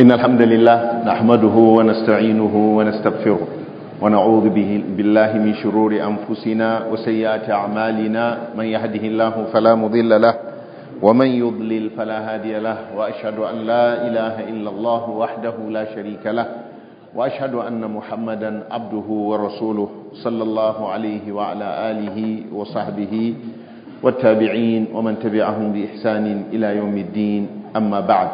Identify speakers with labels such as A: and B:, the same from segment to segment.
A: إن الحمد لله نحمده ونستعينه ونستغفره ونعوذ به بالله من شرور أنفسنا وسيئات أعمالنا من يهده الله فلا مضل له ومن يضلل فلا هادي له وأشهد أن لا إله إلا الله وحده لا شريك له وأشهد أن محمدا عبده ورسوله صلى الله عليه وعلى آله وصحبه والتابعين ومن تبعهم بإحسان إلى يوم الدين أما بعد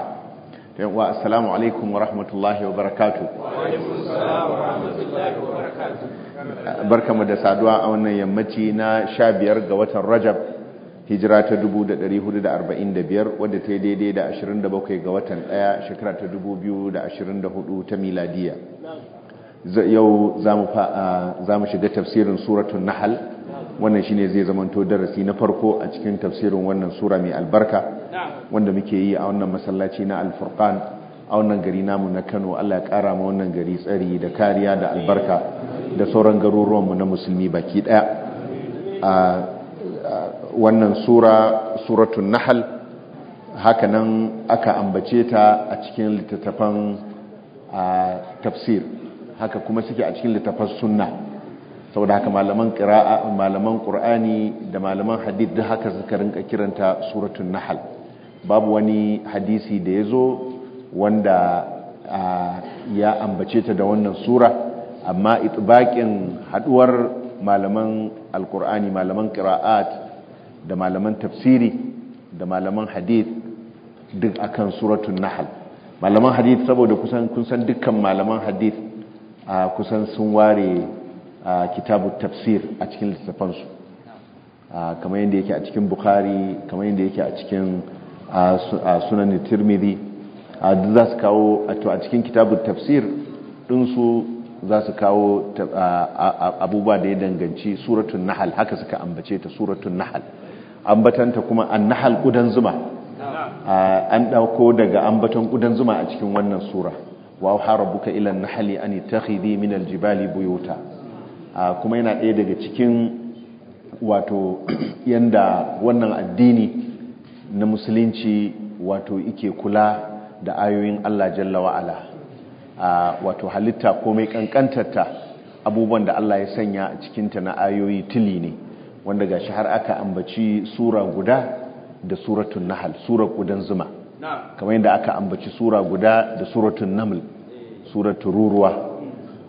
A: wa assalamu alaikum wa rahmatullahi wa barakatu barkamu da saduwa a wannan yammaci na sha biyar ga watan rajab hijira ta 1445 wadda ta yi daidai da 27 ga watan ɗaya shekara ta 2024 ta miladiya yau za mu shiga tafsirin suratun nahal wannan shine zai zamanto darasi na farko a cikin tafsirin wannan sura mai albarka wanda muke yi a wannan masallaci na al-furqan a wannan gari namu na Kano Allah ya kara mu wannan gari tsari da kariya da albarka da sauran garuruwan mu na musulmi baki daya a wannan sura suratul nahl haka aka ambace ta a cikin littattafan tafsir haka kuma suke a cikin littattafan sunna saboda haka malaman qira'a malaman qur'ani da malaman hadith da haka suka rinka kiranta suratun nahal babu wani hadisi da ya zo wanda ya ambace ta da wannan sura amma itbaqin haduwar malaman alqur'ani malaman qira'at da malaman tafsiri da malaman hadith duk akan suratun nahal malaman hadith saboda kusan kun san dukkan malaman hadith kusan sun ware a kitabu tafsir a cikin littafansu kamar yadda yake a cikin bukhari kamar yadda yake a cikin sunan tirmidhi za su kawo a cikin kitabu tafsir ɗinsu za su kawo abubuwa da ya danganci suratun nahal haka suka ambace ta suratun nahal ambatanta kuma an nahal ƙudan zuma an ɗauko daga ambaton ƙudan zuma a cikin wannan sura wa harabuka ilan nahali an takhidhi min aljibali buyuta kuma yana ɗaya daga cikin wato yanda wannan addini na musulunci wato ike kula da ayoyin Allah jalla wa'ala wato halitta ko mai ƙanƙantarta abubuwan da Allah ya sanya a cikinta na ayoyi tili ne wanda ga shahar har aka ambaci sura guda da suratun nahal sura kudan zuma kamar yadda aka ambaci sura guda da suratun namul eh. suratun ruruwa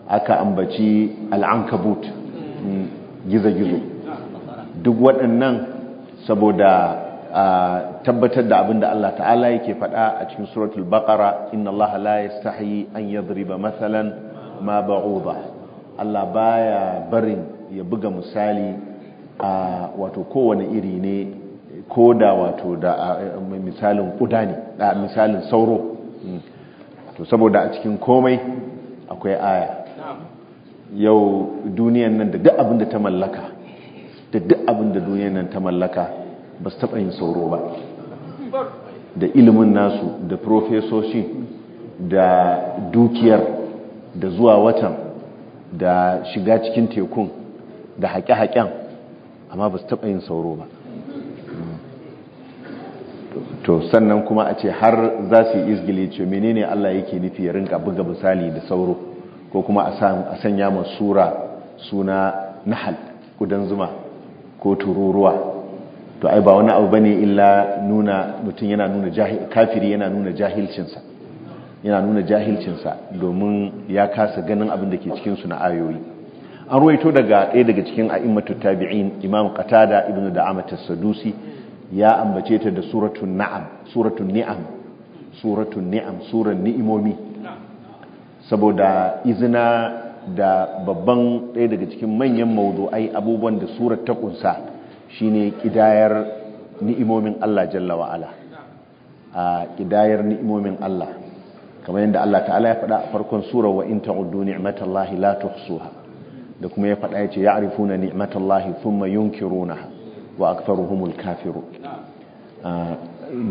A: aka ambaci al'ankabut mm, gizo-gizo duk waɗannan saboda tabbatar da abin da Allah ta'ala yake faɗa a cikin suratul bakara inna Allah la sahi an ba matsalan ma ba Allah baya barin ya buga misali a wato kowane iri ne ko da wato da misalin kuda ne misalin sauro mm. to saboda a cikin komai akwai aya yau duniyan nan da duk abin da ta mallaka da duk abin da duniyan nan ta mallaka ba su taɓa yin sauro ba da ilimin nasu da profesoshi da dukiyar da zuwa watan da shiga cikin tekun da haƙe-haƙen amma ba su taɓa yin sauro ba to sannan kuma a ce har za su yi izgili ce menene Allah yake nufi ya rinka buga misali da sauro ko kuma a sanya ma sura suna nahal kudan zuma ko tururuwa to ai ba wani abu bane illa nuna mutum yana nuna kafiri yana nuna jahilcinsa yana nuna jahilcinsa domin ya kasa ganin abin da ke cikin suna ayoyi an ruwaito daga ɗaya daga cikin a'immatu tabi'in imam qatada ibnu da'amat as-sadusi ya ambace ta da suratul na'am suratul ni'am suratul ni'am suran ni'imomi saboda izina da babban ɗaya daga cikin manyan maudu'ai, abubuwan da surar ta kunsa shine kidayar ni'imomin Allah jalla wa ala a kidayar ni'imomin Allah kamar yadda Allah ta'ala ya faɗa a farkon sura wa in ta'uddu ni'matallahi la tuhsuha da kuma ya faɗa yace ya'rifuna ni'matallahi thumma yunkirunaha wa aktharuhumul kafirun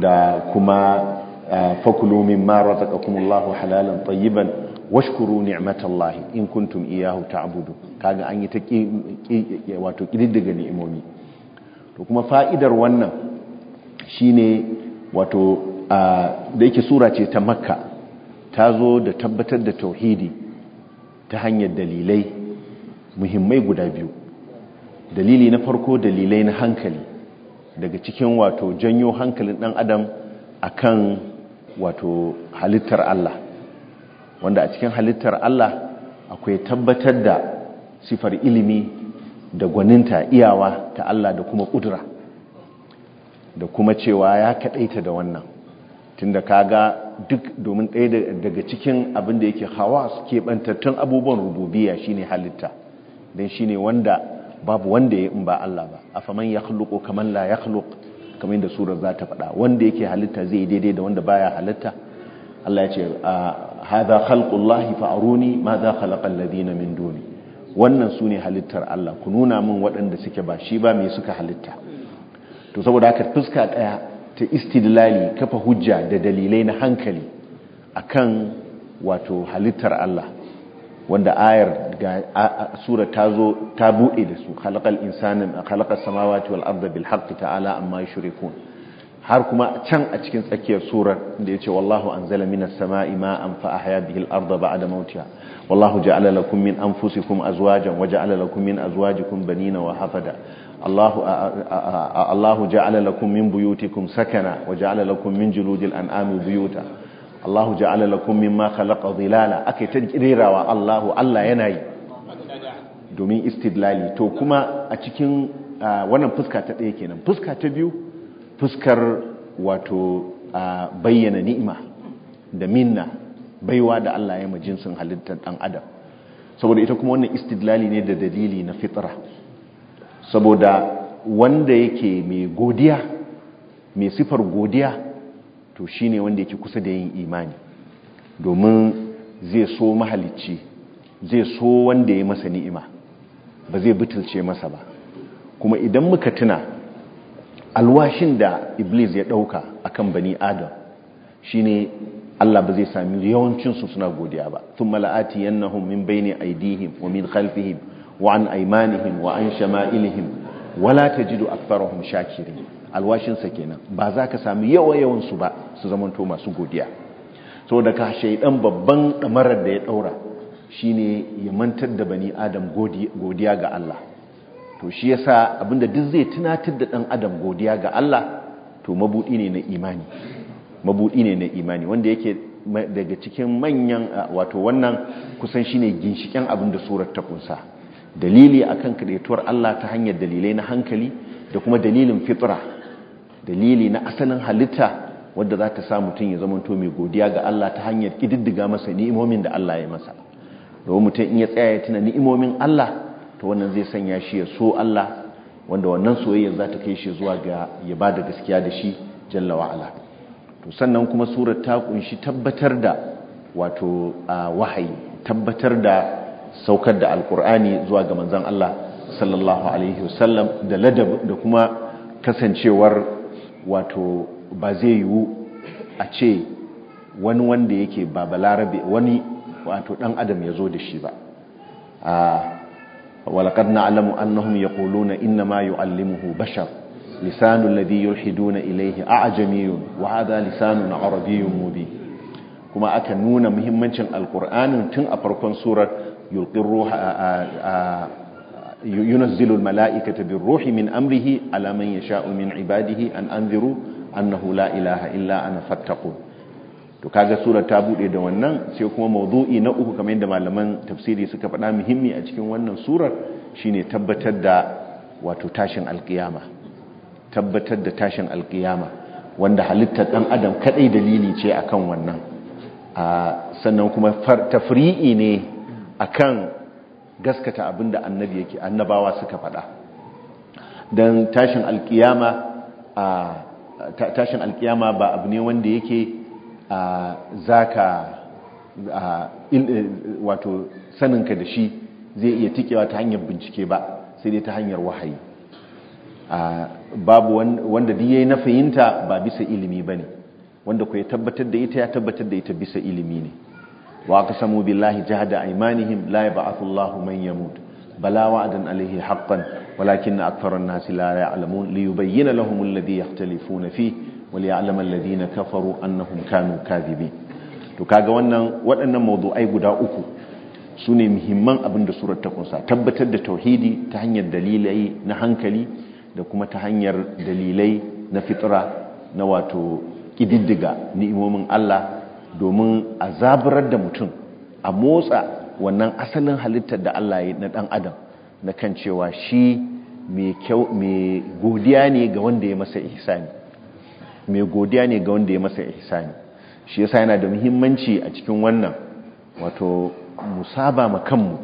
A: da kuma fakulu mimma razaqakumullahu halalan tayyiban washkuru ni'matallahi in kuntum iyahu ta'budu kaga an yi ta wato kididdiga ni'imomi to kuma fa'idar wannan shine wato da yake sura ce ta makka ta zo da tabbatar da tauhidi ta hanyar dalilai muhimmai guda biyu dalili na farko dalilai na hankali daga cikin wato janyo hankalin dan adam akan wato halittar Allah wanda a cikin halittar Allah akwai tabbatar da sifar ilimi da gwaninta iyawa ta Allah da kuma ƙudura da kuma cewa ya kaɗaita da wannan tunda kaga duk domin ɗaya daga cikin abin da yake hawa keɓantattun abubuwan rububiya shine halitta don shine wanda babu wanda ya in ba Allah ba afaman ya khluqu kaman la ya khluq kamar yadda surar za ta faɗa wanda yake halitta zai daidai da wanda baya halitta Allah ya ce ah, خلق الله fa'aruni ماذا خلق الذين من duni wannan sune halittar Allah ku nuna min waɗanda suke ba shi ba me suka halitta to saboda haka fuska daya ta istidlali kafa hujja da dalilai na hankali akan wato halittar Allah wanda ayar ga sura ta zo ta bude da su khalaqal insana khalaqas samawati wal arda bil haqqi ta'ala amma yushrikun har kuma can a cikin tsakiyar surar da ya ce wallahu an zala minas sama'i ma'an fa'ahaya bihil arda ba'ada mautiya wallahu ja'ala lakum min anfusikum azwajan wa ja'ala lakum min azwajikum banina wa hafada Allahu Allahu ja'ala lakum min buyutikum sakana wa ja'ala lakum min juludil an'ami buyuta Allahu ja'ala lakum mimma khalaqa dhilala akai ta kirirawa Allahu Allah yana yi domin istidlali to kuma a cikin wannan fuska ta ɗaya kenan fuska ta biyu fuskar wato a bayyana ni'ima da minna baiwa da Allah ya majinsin halittar ɗan adam saboda ita kuma wannan istidlali ne da dalili na fitra saboda wanda yake mai godiya mai sifar godiya to shine wanda yake kusa da yin imani domin zai so mahalicci zai so wanda ya masa ni'ima ba zai butulce masa ba kuma idan muka tuna alwashin da iblis ya ɗauka akan bani adam shine Allah ba zai sami yawancinsu suna godiya ba Tun mala'ati yannahum min bayni aidihim wa min khalfihim wa an aimanihim wa an shama'ilihim wala tajidu aktharahum shakirin alwashinsa kenan ba za ka sami yawa yawansu ba su zamanto masu godiya so daga shaidan babban damarar da ya daura shine ya mantar da bani adam godiya ga Allah to shi yasa abinda duk zai tunatar da ɗan adam godiya ga Allah to mabudi ne na imani mabudi ne na imani wanda yake daga cikin manyan wato wannan kusan shine ginshiken abinda surar ta kunsa dalili akan kadaituwar Allah ta hanyar dalilai na hankali da kuma dalilin fitra dalili na asalin halitta wanda za ta sa mutum ya zama to mai godiya ga Allah ta hanyar kididdiga masa ni'imomin da Allah ya masa domin mutum in ya tsaya ya tuna ni'imomin Allah ta wannan zai sanya shi ya so Allah wanda wannan soyayya za ta kai shi zuwa ga ya ba da gaskiya da shi jalla wa'ala to sannan kuma surar ta kunshi tabbatar da wato wahayi tabbatar da saukar da alkur'ani zuwa ga manzon Allah sallallahu alaihi wasallam da ladab da kuma kasancewar wato ba zai yiwu a ce wani wanda yake ba balarabe wani wato dan adam ya zo da shi ba ولقد نعلم أنهم يقولون إنما يعلمه بشر لسان الذي يلحدون إليه أعجمي وهذا لسان عربي مبين كما أكنون مهمة القرآن تن أفرقون سورة يلقي الروح ينزل الملائكة بالروح من أمره على من يشاء من عباده أن أنذروا أنه لا إله إلا أنا فاتقون to kaga surar ta bude da wannan sai kuma mawdu'i na uku kamar yadda malaman tafsiri suka faɗa muhimmi a cikin wannan surar shine tabbatar da wato tashin alkiyama tabbatar da tashin alkiyama wanda halittar dan adam kadai dalili ce akan wannan sannan kuma tafri'i ne akan gaskata abinda annabi yake annabawa suka faɗa dan tashin alkiyama tashin alkiyama ba abu ne wanda yake za ka eh, wato saninka da shi zai iya tikewa ta hanyar bincike ba sai dai ta hanyar wahayi babu wanda duk yi na fahimta ba bisa ilimi ba ne wanda ku ya tabbatar da ita ya tabbatar da ita bisa ilimi ne wa aka samu billahi jahada aymanihim la yab'athu Allahu man mutu bala wa'dan alayhi haqqan walakin aktharan nasi la ya'lamun liyubayyana lahumun ladi na fi وليعلم Ladina, kafaru annahum kanu كاذبين to kaga wannan waɗannan mawdu'ai guda uku sune muhimman abin da surar ta kunsa tabbatar da tauhidi ta hanyar dalilai na hankali da kuma ta hanyar dalilai na fitra na wato ƙididdiga ni'imomin Allah domin a zaburar da mutum a motsa wannan asalin halittar da Allah ya na ɗan adam na kan cewa shi mai godiya ne ga wanda ya masa ihsani mai godiya ne ga wanda ya masa ihsani shi yasa yana da muhimmanci a cikin wannan wato musaba ma kanmu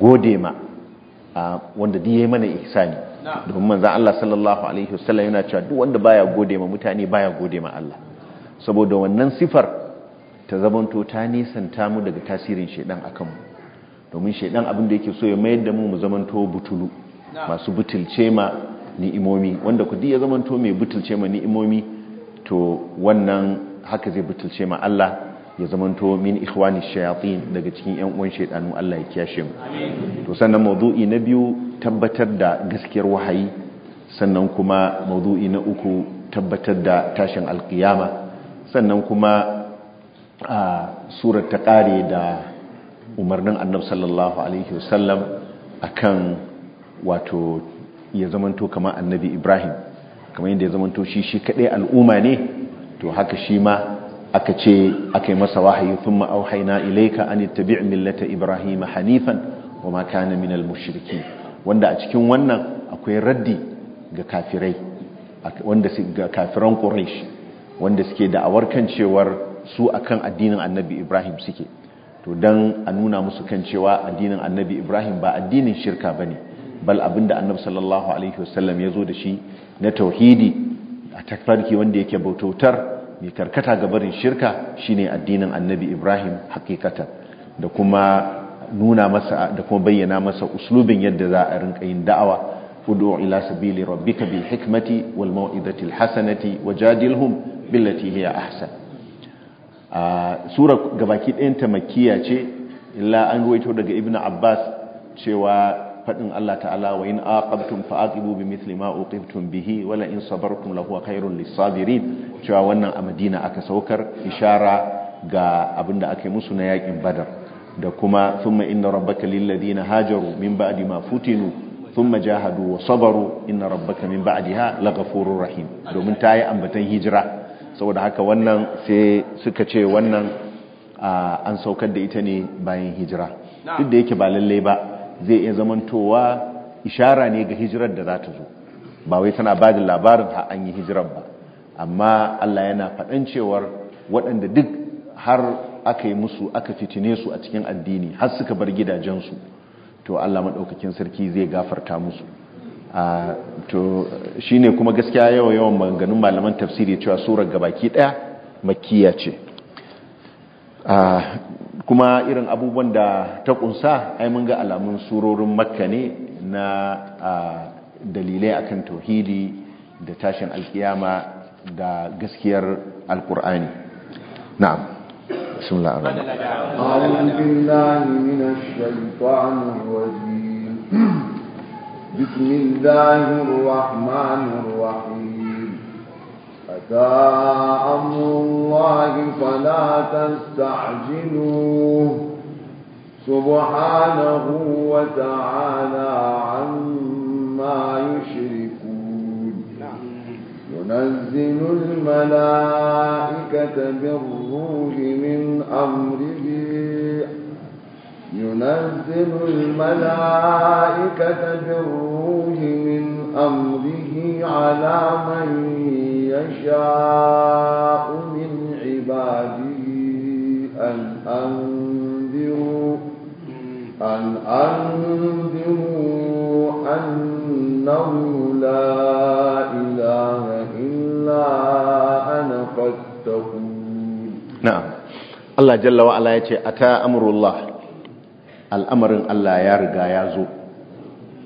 A: gode ma a wanda duk yayi mana ihsani domin manza Allah sallallahu alaihi wasallam yana cewa duk wanda baya gode ma mutane baya gode ma Allah saboda wannan sifar ta zamanto ta nisanta mu daga tasirin shedan akan mu domin shedan abin da yake so ya mayar da mu mu zamanto butulu masu butulce ma ni'imomi wanda ku ya zamanto mai butulce ma ni'imomi to wannan haka zai butulce ma Allah ya zamanto min ikhwani shayatin daga cikin yan uwan shaydanu Allah ya kiyashe mu to sannan mawdu'i na biyu tabbatar da gaskiyar wahayi sannan kuma mawdu'i na uku tabbatar da tashin alkiyama sannan kuma a surar ta kare da umarnin annabi sallallahu alaihi wasallam akan wato ya zamanto kama annabi ibrahim kamar yadda ya zamanto shi shi kaɗai al'umma ne to haka shi ma aka ce aka yi masa wahayi sun ma'auhaina ilaika an tabi' millata ibrahim hanifan wa ma na min mushriki wanda a cikin wannan akwai raddi ga kafirai wanda su ga kafiran ƙorish wanda suke da'awar kan cewar su akan addinin annabi ibrahim suke to dan a nuna musu kan cewa addinin annabi ibrahim ba addinin shirka bane bal abin da annabi sallallahu alaihi wasallam ya zo da shi na tauhidi a tafarki wanda yake bautautar mai karkata ga barin shirka shine addinin annabi ibrahim hakikatan da kuma nuna masa da kuma bayyana masa uslubin yadda za a rinka yin da'awa ud'u ila sabili rabbika bil hikmati wal mau'izati al hasanati wajadilhum billati hiya ahsan a sura gabaki ɗayan ta makkiya ce illa an ruwaito daga ibnu abbas cewa fadin Allah ta'ala wa in aqabtum fa aqibu mithli ma uqibtum bihi wala in sabartum lahu khairul lisabirin cewa wannan a Madina aka saukar ishara ga abinda aka musu na yakin Badar da kuma thumma inna rabbaka lil ladina hajaru min ba'di ma futinu thumma jahadu wa sabaru inna rabbaka min ba'diha laghafurur rahim domin ta yi ambatan hijira saboda haka wannan sai suka ce wannan an saukar da ita ne bayan hijira duk da yake ba lalle ba zai iya zamantowa ishara ne ga hijirar da za ta zo ba wai tana ba da labarin ha an yi hijirar ba amma Allah yana faɗan cewar waɗanda duk har aka yi musu aka fitine su a cikin addini har suka bar gidajensu to Allah maɗaukakin sarki zai gafarta musu To shi ne kuma gaskiya yawan yawan maganganun malaman tafsiri cewa surar gabaki ɗaya makiya ce kuma irin abubuwan da ta kunsa ai mun ga alamun surorin makka ne na dalilai akan tauhidi da tashin alkiyama da gaskiyar alkur'ani na'am bismillah ar-rahman
B: a'udhu billahi
C: minash shaitanir rajim bismillahir rahmanir rahim ساء أمر الله فلا تستعجلوه سبحانه وتعالى عما يشركون ينزل الملائكة بالروح من أمره ينزل الملائكة بالروح من أمره على من يشاء من عباده أن أنذروا أن أنذروا أنه لا إله إلا أنا فاتقون نعم
A: الله جل وعلا يتي أتى أمر الله الأمر الله يرجى يزو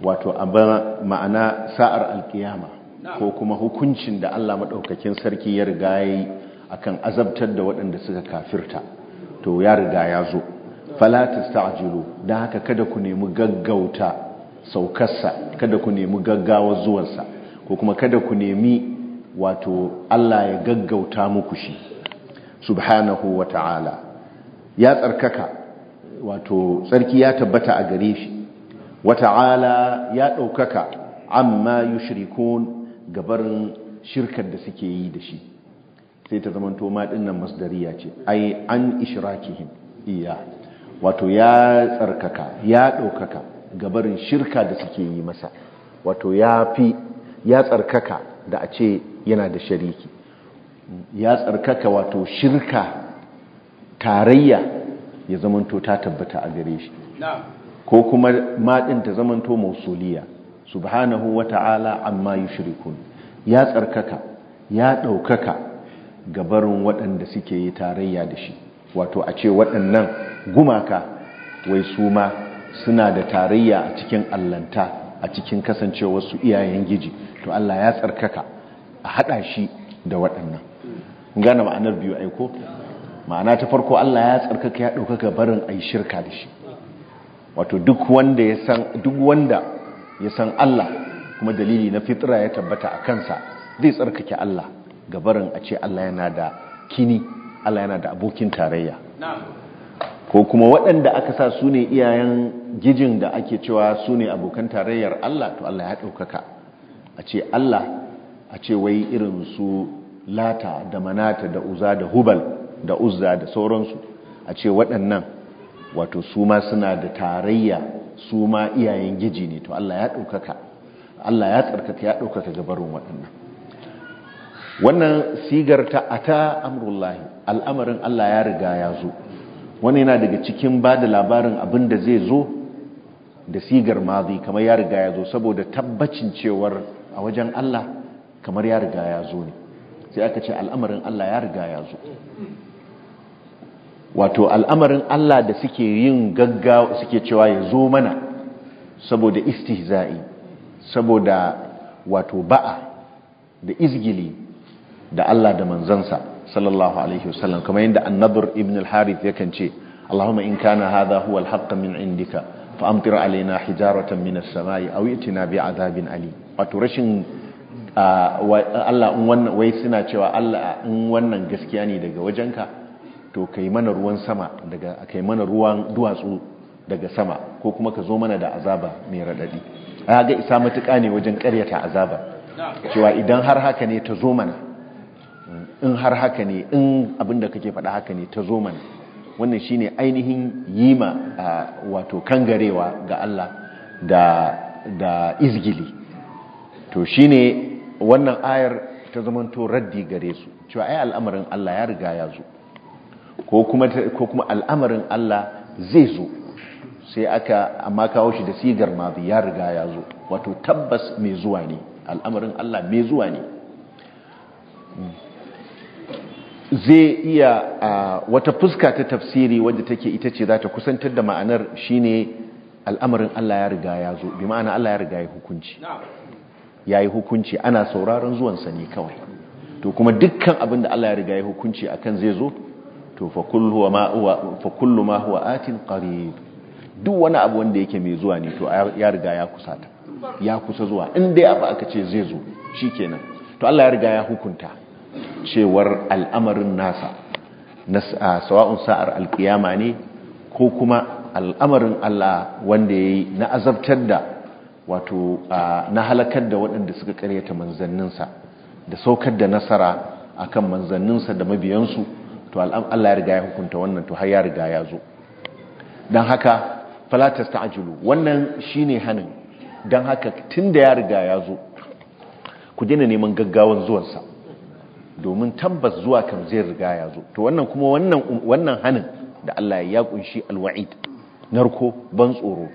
A: wato abin معنا سائر القيامة ko kuma hukuncin da Allah maɗaukakin sarki ya riga ya yi a kan azabtar da waɗanda suka kafirta to ya riga ya zo falatis ta ajiru don haka kada ku nemi gaggauta saukarsa kada ku nemi gaggawa zuwansa ko kuma kada ku nemi wato Allah ya gaggauta muku shi subhanahu wa ta'ala ya tsarkaka wato tsarki ya tabbata a gare shi wa ta'ala ya ɗaukaka amma yushrikun gabarin shirkar da suke yi da shi sai ta zama to ma nan masdariya ce ai an ishrakihim iya wato ya tsarkaka ya ɗaukaka gabarin shirka da suke yi masa wato ya fi ya tsarkaka da a ce yana da shariki ya tsarkaka wato shirka tarayya ya zamanto ta tabbata a gare shi ko kuma maɗin ta zamanto mausuliya subhanahu wa ta'ala amma yushrikun ya tsarkaka ya ɗaukaka gabarin waɗanda suke yi tarayya da shi wato a ce waɗannan gumaka wai su ma suna da tarayya a cikin allanta a cikin kasancewasu iyayen giji to Allah ya tsarkaka a haɗa shi da waɗannan gane ma'anar biyu aiko ma'ana ta farko Allah ya tsarkaka ya ɗaukaka barin a shirka da shi wato duk wanda ya san Allah kuma dalili na fitra ya tabbata a kansa zai tsarkake Allah gabarin a ce Allah yana da kini Allah yana da abokin tarayya ko kuma waɗanda aka sa su ne iyayen gijin da ake cewa su ne abokan tarayyar Allah to Allah ya ɗaukaka a ce Allah a ce wai irin su lata da manata da uza da hubal da uzza da sauransu a ce waɗannan wato su ma suna da tarayya su ma iyayen giji ne to Allah ya ɗaukaka Allah ya tsarkaka ya ɗaukaka gabarin waɗannan wannan sigar ta ata amrullahi al'amarin Allah ya riga ya zo wani yana daga cikin ba da labarin abin da zai zo da sigar mazi kamar ya riga ya zo saboda tabbacin cewar a wajen Allah kamar ya riga ya zo ne sai aka ce al'amarin Allah ya riga ya zo wato al'amarin Allah da suke yin gaggawa suke cewa ya zo mana saboda istihza'i saboda wato ba'a da izgili da Allah da manzansa sallallahu alaihi wasallam kamar yadda annabar ibn al-harith yakan ce Allahumma in kana hadha huwa al min indika fa amtir alaina hijaratan min as-sama'i aw itina bi adhabin ali wato rashin Allah in wannan wai suna cewa Allah in wannan gaskiya ne daga wajenka to kai mana ruwan sama daga kai mana ruwan duwatsu daga sama ko kuma ka zo mana da azaba mai raɗaɗi. a ga isa matuƙa ne wajen ƙaryata azaba cewa idan har haka ne ta zo mana in har haka ne in abin da kake faɗa haka ne ta zo mana wannan shine ainihin yima wato kangarewa ga Allah da izgili to shine wannan ayar ta zamanto raddi gare su cewa ai al'amarin Allah ya riga ya zo ko kuma al'amarin Allah zai zo sai aka amma kawo shi da sigar madi ya riga ya zo wato tabbas mai zuwa ne al'amarin Allah mai zuwa ne zai iya wata fuska ta tafsiri wadda take ita ce za ta kusantar da ma'anar shi ne al'amarin Allah ya riga ya zo bi ma'ana Allah ya riga ya hukunci ya yi hukunci ana sauraron zuwansa ne kawai to kuma dukkan abin da Allah ya riga ya hukunci akan zai zo to fa kullu ma huwa atin qarib duk wani abu wanda yake mai zuwa ne to ya riga ya kusata ya kusa zuwa in dai abu aka ce zai zo shikenan to Allah ya riga ya hukunta cewar al'amarin nasa nasa sawa'un sa'ar alkiyama ne ko kuma al'amarin Allah wanda yayi na azabtar da wato na halakar da waɗanda suka karyata manzanninsa da saukar da nasara akan manzanninsa da mabiyansu to Allah ya riga ya hukunta wannan to har ya riga ya zo don haka fala ta wannan shi ne dan haka tun ya riga ya zo ku dina neman gaggawan zuwansa domin tabbas zuwa kan zai riga ya zo to wannan kuma wannan hanin da Allah ya kunshi alwa'id narko ban tsoro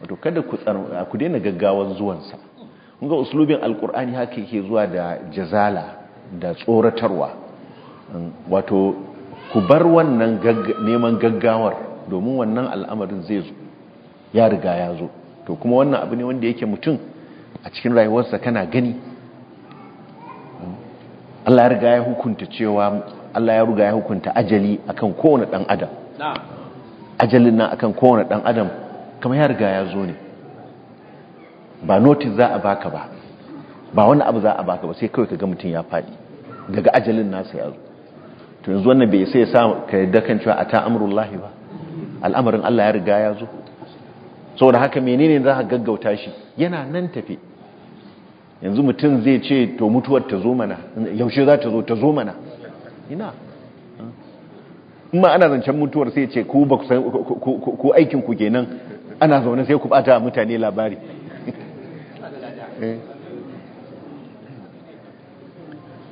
A: wato kada ku ku daina gaggawan zuwansa kun ga uslubin alkur'ani haka yake zuwa da jazala da tsoratarwa wato ku bar wannan neman gaggawar domin wannan al'amarin zai zo ya riga ya zo to kuma wannan abu ne wanda yake mutum a cikin rayuwarsa kana gani Allah ya riga ya hukunta cewa Allah ya riga ya hukunta ajali akan kowane dan adam ajalin nan akan kowane dan adam kuma ya riga ya zo ne ba notice za a baka ba ba wani abu za a baka ba sai kawai ka ga mutum ya faɗi daga ajalin nasa ya zo to yanzu wannan bai sai ya sa ka yadda kan cewa ata lahi ba al'amarin Allah ya riga ya zo saboda haka menene za ka gaggauta shi yana nan tafi yanzu mutum zai ce to mutuwar ta zo mana yaushe za ta zo ta zo mana ina in ma ana zancen mutuwar sai ce ku ba ku aikin ku kenan ana zaune sai ku bata mutane labari eh.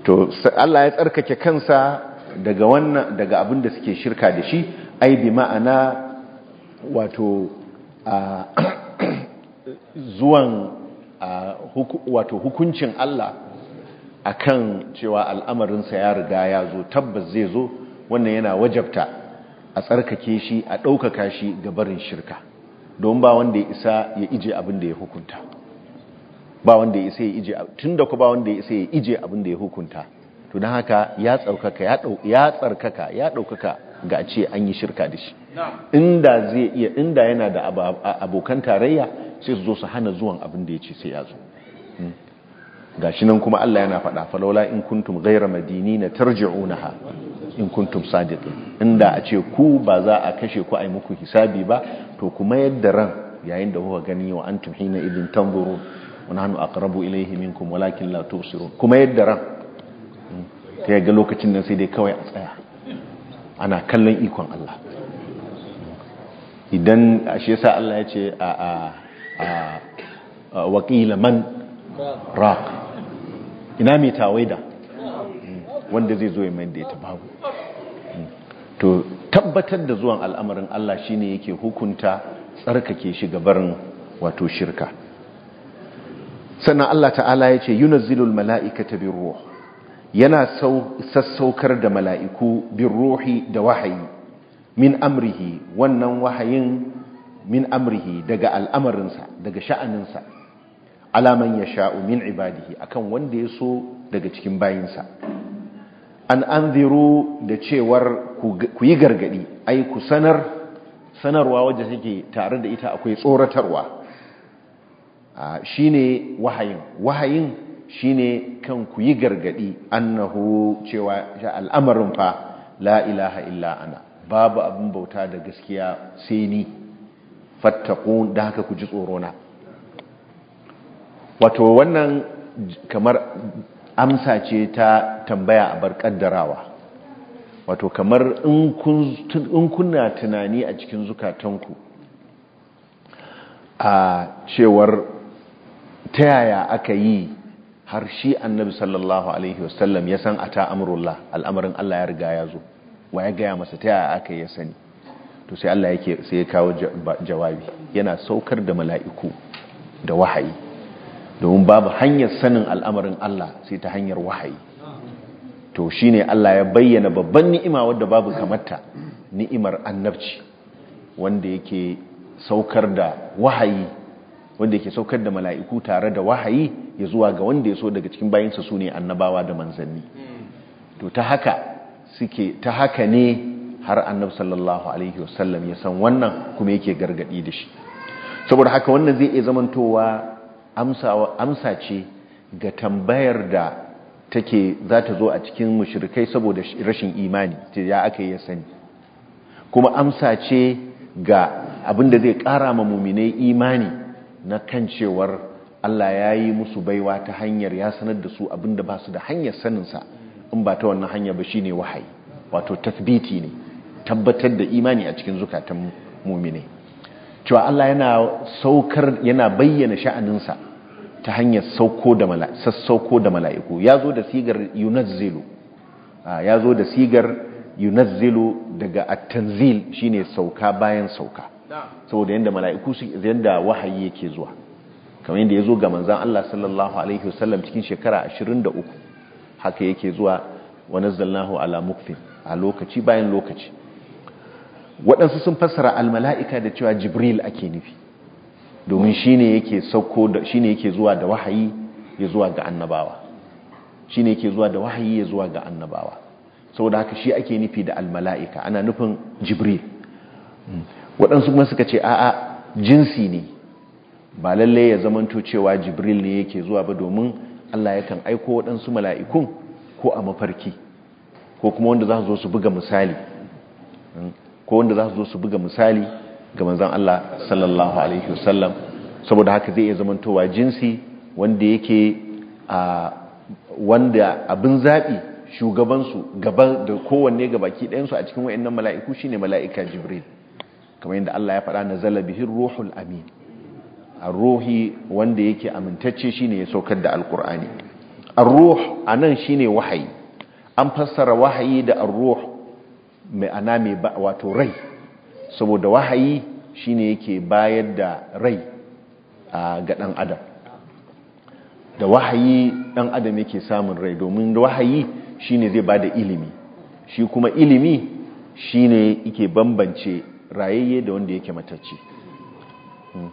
A: to Allah ya tsarkake kansa daga wannan daga abin da suke shirka da shi ai bi ma'ana wato zuwan wato hukuncin Allah akan cewa al'amarinsa ya riga ya zo tabbas zai zo wannan yana wajabta a tsarkake shi a ɗaukaka shi ga barin shirka don ba wanda ya isa ya ije abin da ya hukunta ba wanda ya isa ya ije tun da ku ba wanda ya isa ya ije abin da ya hukunta to don haka ya tsaukaka ya tsarkaka ya ɗaukaka ga ce an yi shirka da shi inda zai iya inda yana da abokan tarayya sai su zo su hana zuwan abin da ya ce sai ya zo hmm. ga shi nan kuma Allah yana faɗa falola in kuntum gaira madini na ha in kuntum sadiqi inda a ce ku ba za a kashe ku a yi muku hisabi ba to kuma yadda ran yayin da kuka gani wa antum hina idin tanzurun wa nahnu aqrabu ilayhi minkum walakin la tubsirun kuma yadda ran ta yaga lokacin nan sai dai kawai a tsaya ana kallon ikon Allah idan shi yasa Allah ya ce a a a waqila man raq ina mai tawaida wanda zai zo ya mai da babu to tabbatar da zuwan al'amarin Allah shine yake hukunta tsarkake shi gabarin wato shirka sannan Allah ta'ala ya ce yunazzilul mala'ikata bir ruh yana sassaukar da mala'iku bin ruhi da wahayi min amrihi wannan wahayin min amrihi daga al'amarinsa daga sha'aninsa alaman ya sha'u min ibadihi akan wanda ya so daga cikin bayinsa an an da cewar ku yi gargadi ai ku sanar sanarwa wajen suke tare da ita akwai tsoratarwa ah, shi ne wahayin wahayin shine kan ku yi gargadi annahu cewa al'amarin fa la ilaha illa ana babu abin bauta da gaskiya sai ni fattaqun da haka ku ji tsoro na wato wannan kamar amsa ce ta tambaya a bar kaddarawa wato kamar in kunna kuna tunani a cikin zukatanku a cewar ta yaya aka yi har shi annabi sallallahu alaihi wasallam ya san ata amrullah al'amarin Allah ya riga ya zo wa ya gaya masa ta yaya aka ya sani to sai Allah yake sai ya kawo jawabi yana saukar da mala'iku da wahayi domin babu hanyar sanin al'amarin Allah sai ta hanyar wahayi to shine Allah ya bayyana babban ni'ima wadda babu kamarta ni'imar annabci wanda yake saukar da wahayi wanda yake saukar da mala'iku tare da wahayi ya zuwa ga wanda ya so daga cikin bayansa su ne annabawa da manzanni to ta haka suke ta haka ne har annab sallallahu alaihi wasallam ya san wannan kuma yake gargadi da shi saboda haka wannan zai iya zamantowa amsa ce ga tambayar da take za ta zo a cikin mushrikai saboda rashin imani ya aka yi ya sani kuma amsa ce ga abin da zai kara ma muminai imani na kan cewar Allah ya yi musu baiwa ta hanyar ya sanar da su abinda ba su da hanyar saninsa in ba ta wannan hanya ba shine wahayi wato tasbiti ne tabbatar da imani a cikin zukatan mumine cewa Allah yana saukar yana bayyana sha'aninsa ta hanyar sauko da mala'iku sassauko da mala'iku yazo da sigar yunazzilu zo da sigar yunazzilu daga at-tanzil shine sauka bayan sauka saboda yadda mala'iku su yadda wahayi yake zuwa kamar yadda ya zo ga Manzan Allah sallallahu alaihi wasallam cikin shekara 23 haka yake zuwa wani zallahu ala a lokaci bayan lokaci waɗansu sun fassara almala'ika da cewa jibril ake nufi domin shi ne yake zuwa da wahayi ya zuwa ga annabawa ne yake zuwa da wahayi ya zuwa ga annabawa saboda haka shi ake nufi da almala'ika ana nufin jibril waɗansu kuma suka ce a'a jinsi ne ba lalle ya zamanto cewa jibril ne yake zuwa ba domin Allah yakan aiko waɗansu mala'ikun ko a mafarki ko kuma wanda za su zo su buga misali hmm, ko wanda za su zo su buga misali ga manzan Allah sallallahu alaihi wasallam saboda haka zai iya zamantowa jinsi wanda yake a wanda abin zaɓi shugabansu gaba da kowanne ga baki ɗayansu a cikin wa'annan mala'iku shine mala'ika jibril kamar yadda Allah ya faɗa na zalabihin ruhul amin a ruhi wanda yake amintacce shine ya saukar da alkur'ani arruh ruh anan shine wahayi an fassara wahayi da a ruh mai ana mai wato rai saboda wahayi shine yake bayar da rai a ga ɗan adam da wahayi dan adam yake samun rai domin da wahayi shine zai bada ilimi shi kuma ilimi shine yake bambance rayayye da wanda yake matacci hmm.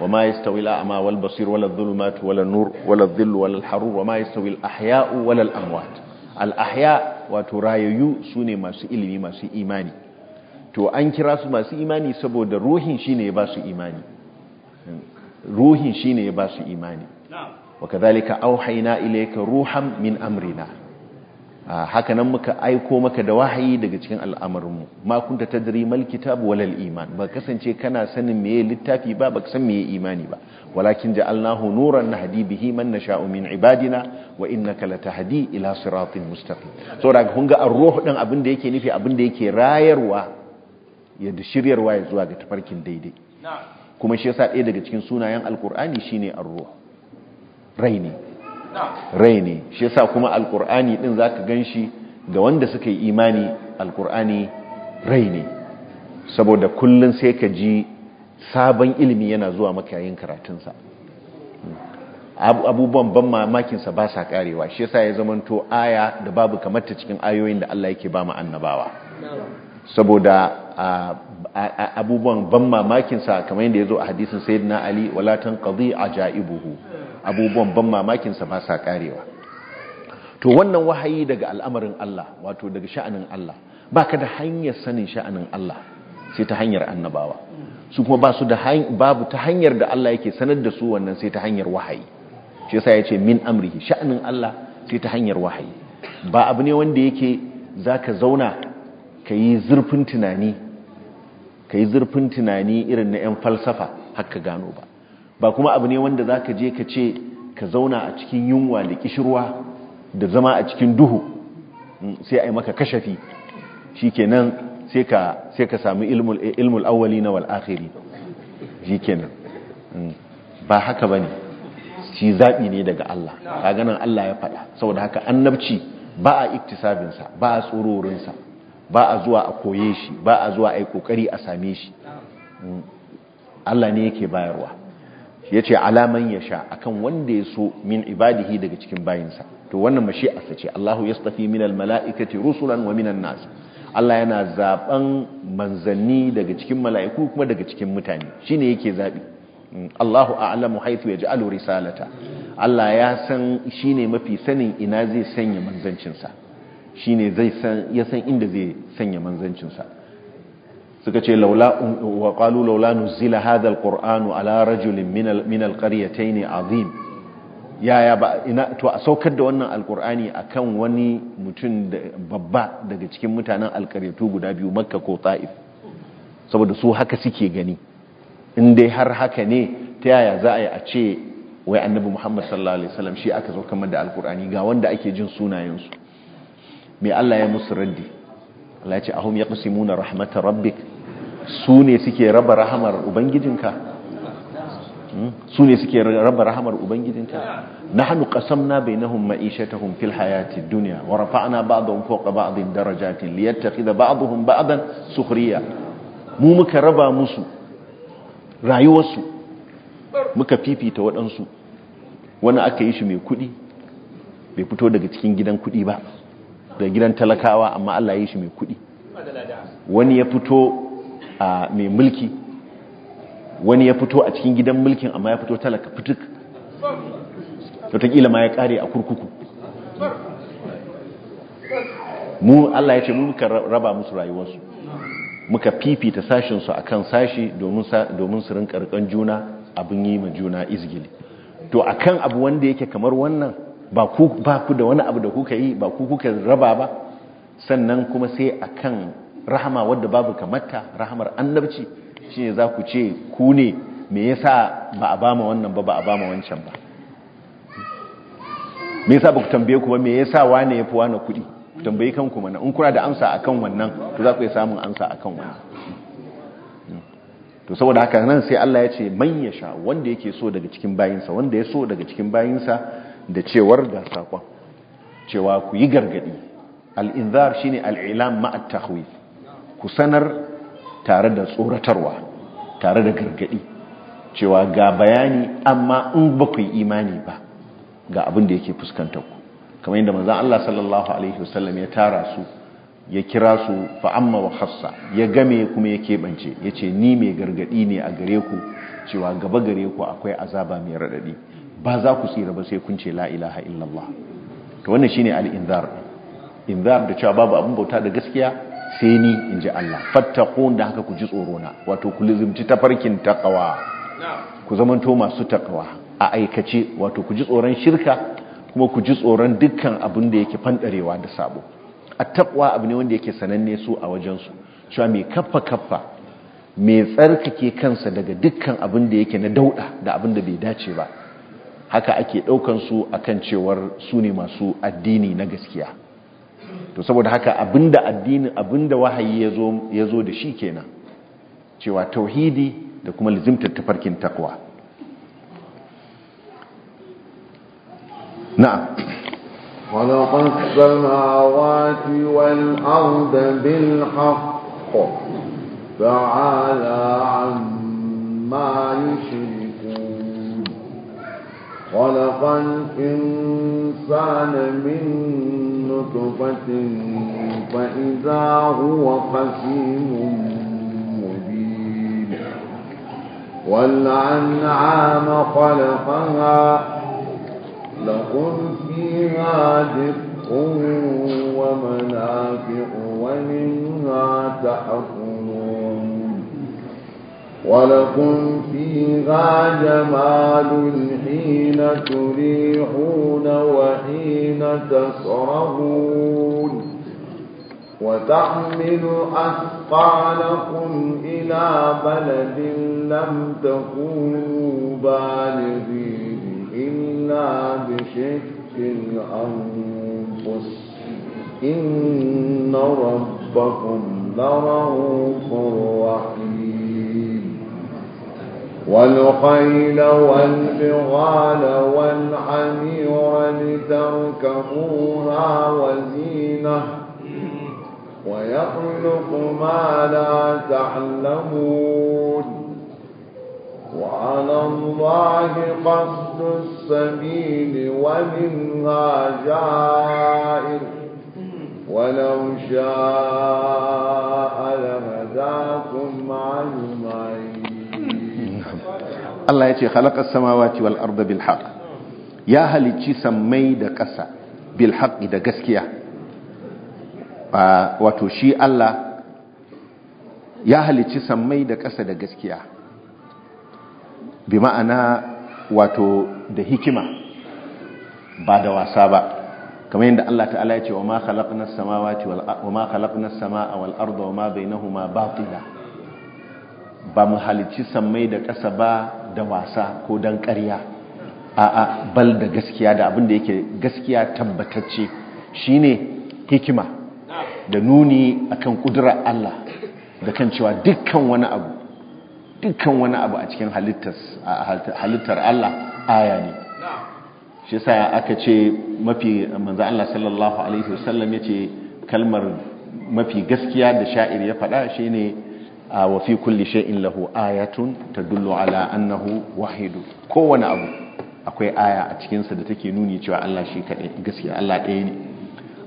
A: wa ma yastawi al-a'ma wal basir wal dhulumat wal nur wal dhill wal harur wa ma yastawi al-ahya'u wal amwat al-ahya wato rayayyu sune masu ilimi masu imani to an kira su masu imani saboda ruhin shine ya ba su imani hmm. ruhin shine ya ba su imani na wa kadhalika auhayna ilayka ruham min amrina Ah, hakanan muka aiko maka da wahayi daga cikin al'amarinmu makunta ta tadri mal kitab walal iman ba kasance kana sanin meye littafi ba baka san meye imani ba walakin ja'alnahu nuran nahdi bihi man nasha'u min ibadina wa innaka hadi ila siratin mustaqim so daga kunga ga ar-ruh din abin da yake nufi abin da yake rayarwa ya da shiryarwa ya zuwa ga tafarkin daidai kuma shi yasa ɗaya daga cikin sunayen alqur'ani shine ar-ruh rai ne shi yasa kuma alkur'ani din zaka ganshi ga wanda suka yi imani alkur'ani rai ne saboda kullum sai ka ji sabon ilimi yana zuwa maka yayin karatunsa abubuwan ban mamakinsa ba sa karewa shi yasa ya zamanto aya da babu kamar ta cikin ayoyin da Allah yake ba mu annabawa saboda abubuwan ban mamakinsa kamar yadda ya zo a hadisin sayyidina ali wala tanqadi ajaibuhu abubuwan ban mamakinsa ba sa karewa to wannan wahayi daga al'amarin Allah wato daga sha'anin Allah baka da hanyar sanin sha'anin Allah sai ta hanyar annabawa su kuma ba su da babu ta hanyar da Allah yake sanar da su wannan sai ta hanyar wahayi shi yasa yace min amrihi sha'anin Allah sai ta hanyar wahayi ba abu ne wanda yake zaka zauna kayi zurfin tunani kayi zurfin tunani irin na 'yan falsafa haka gano ba ba kuma abu ne wanda za ka je ka ce ka zauna a cikin yunwa da kishirwa da zama a cikin duhu mm, sai a yi maka kashafi shi kenan sai ka sami ilmul awali na wal'akhiri shi kenan mm, ba haka ba ne shi zaɓi ne daga Allah ganin Allah ya faɗa saboda haka annabci ba a iktisabinsa ba a tsororinsa ba a zuwa a koye shi ba a zuwa a yi ƙoƙari a same shi mm, Allah ne yake bayarwa ya ce alaman ya sha akan wanda ya so min ibadihi daga cikin bayinsa to wannan mashi'arsa ce Allahu yastafi min almala'ikati rusulan wa minan nas Allah yana zaben manzanni daga cikin mala'iku kuma daga cikin mutane shine yake zabi mm, Allahu a'lamu haythu yaj'alu risalata Allah ya san shine mafi sanin ina zai sanya manzancinsa sa shine zai san inda zai sanya manzancinsa sa suka ce laula wa kalu laula nuzila hadal alquranu ala minal min ne azim yaya ba ina to a saukar da wannan a akan wani mutum babba daga cikin mutanen alƙaryatu guda biyu makka ko ta'if saboda su haka suke gani in dai har haka ne ta yaya za a yi a ce wai annabi muhammad sallallahu alaihi wasallam shi aka saukar da alqurani ga wanda ake jin sunayensu me Allah ya musu raddi Allah ya ce ahum yaqsimuna rahmatar rabbik su ne suke raba rahamar ubangijinka hmm? su ne suke raba rahamar ubangijinka nahnu qasamna bainahum ma'ishatahum fil hayati duniya wa rafa'na ko fawqa ba'din darajatin liyattakhidha ba ba'dan sukhriya mu muka raba musu rayuwarsu muka fifita waɗansu wani aka yi shi mai kuɗi bai fito daga cikin gidan kuɗi ba da gidan talakawa amma Allah ya yi shi mai kudi wani ya fito a mai mulki wani ya fito a cikin gidan mulkin amma ya fito talaka fituk wataƙila ma ya kare a kurkuku mu Allah ya ce mu muka raba musu rayuwarsu muka fifita sashinsu a kan sashi domin su rinƙarƙan juna abin yi ma juna izgili to akan abu wanda yake kamar wannan ba ku ba ku da wani abu da kuka yi ba ku kuka raba ba sannan kuma sai akan rahama wadda babu kamata, rahamar annabci shine za ku ce ku ne me yasa ba a bama wannan ba ba a bama wancan ba me yasa ba ku tambaye ku ba me yasa wane ya fi wane kuɗi ku tambaye kanku mana in kuna da amsa akan wannan to za ku yi samun amsa akan wannan to saboda haka nan sai Allah ya ce man yasha wanda yake so daga cikin bayinsa wanda ya so daga cikin bayinsa da cewar da sakon cewa ku yi gargadi al-inzar shine al ma’atta ma'a ku sanar tare da tsoratarwa tare da gargadi cewa ga bayani amma in ba ku yi imani ba ga abin da yake fuskantar ku kamar yadda manzon Allah sallallahu alaihi wasallam ya tara su ya kira su fa'amma wa hafsa ya game kuma ya keɓance ya ce ni mai gargadi ne a gare ku cewa gaba gare ku akwai azaba mai raɗaɗi ba za ku tsira ba sai kun ce la ilaha illallah to wannan shine al-inzar inzar da cewa babu abin bauta da gaskiya sai ni inji Allah fattaqun da haka ku ji tsoro na wato ku lizimci tafarkin taqwa ku zamanto masu taqwa a aikace wato ku ji tsoron shirka kuma ku ji tsoron dukkan abin da yake fandarewa da sabo at-taqwa abu ne wanda yake sananne su a wajen su cewa mai kaffa kaffa mai tsarkake kansa daga dukkan abin da yake na dauda da abin da bai dace ba haka ake ɗaukansu a kan cewar su ne masu addini na gaskiya to saboda haka abinda addini abinda wahayi ya zo da shi kenan cewa tauhidi da kuma lizimtar tafarkin takwa na'am
C: خلق السماوات والأرض بالحق فعالى عما يشركون خلق الإنسان من نطفة فإذا هو خسيم مبين والأنعام خلقها لكم فيها دفء ومنافع ومنها تحق ولكم فيها جمال حين تريحون وحين تسرهون وتحمل أثقالكم إلى بلد لم تكونوا بالغين إلا بشق الأنفس إن ربكم لرؤوف رحيم والخيل والبغال والحمير لتركبوها وزينة ويخلق ما لا تعلمون وعلى الله قصد السبيل ومنها جائر ولو شاء لهداكم عن معين
A: Allah ya ce khalaqa samawati wal arda bil haqq ya halicci sammai da ƙasa bil haqqi da gaskiya wato shi Allah ya halicci sammai da ƙasa da gaskiya bi ma'ana wato da hikima ba da wasa ba kamar yadda Allah ta'ala ya ce wa ma khalaqna samawati wal wa ma khalaqna samaa wal arda wa ma bainahuma batila ba mu halicci sammai da ƙasa ba da wasa ko don ƙarya a'a bal da gaskiya da abin da yake gaskiya tabbatacce Shi ne hikima da nuni akan kudurar Allah da kan cewa dukkan wani abu dukkan wani abu a cikin halittar Allah aya ne shi sa aka ce mafi manzo Allah sallallahu alaihi wasallam yace kalmar mafi gaskiya da sha'ir ya faɗa shine wa fi kulli shay'in lahu ayatun tadullu ala annahu wahidu kowane abu akwai aya a cikin sa da take nuni cewa Allah shi kadai gaskiya Allah ɗaya ne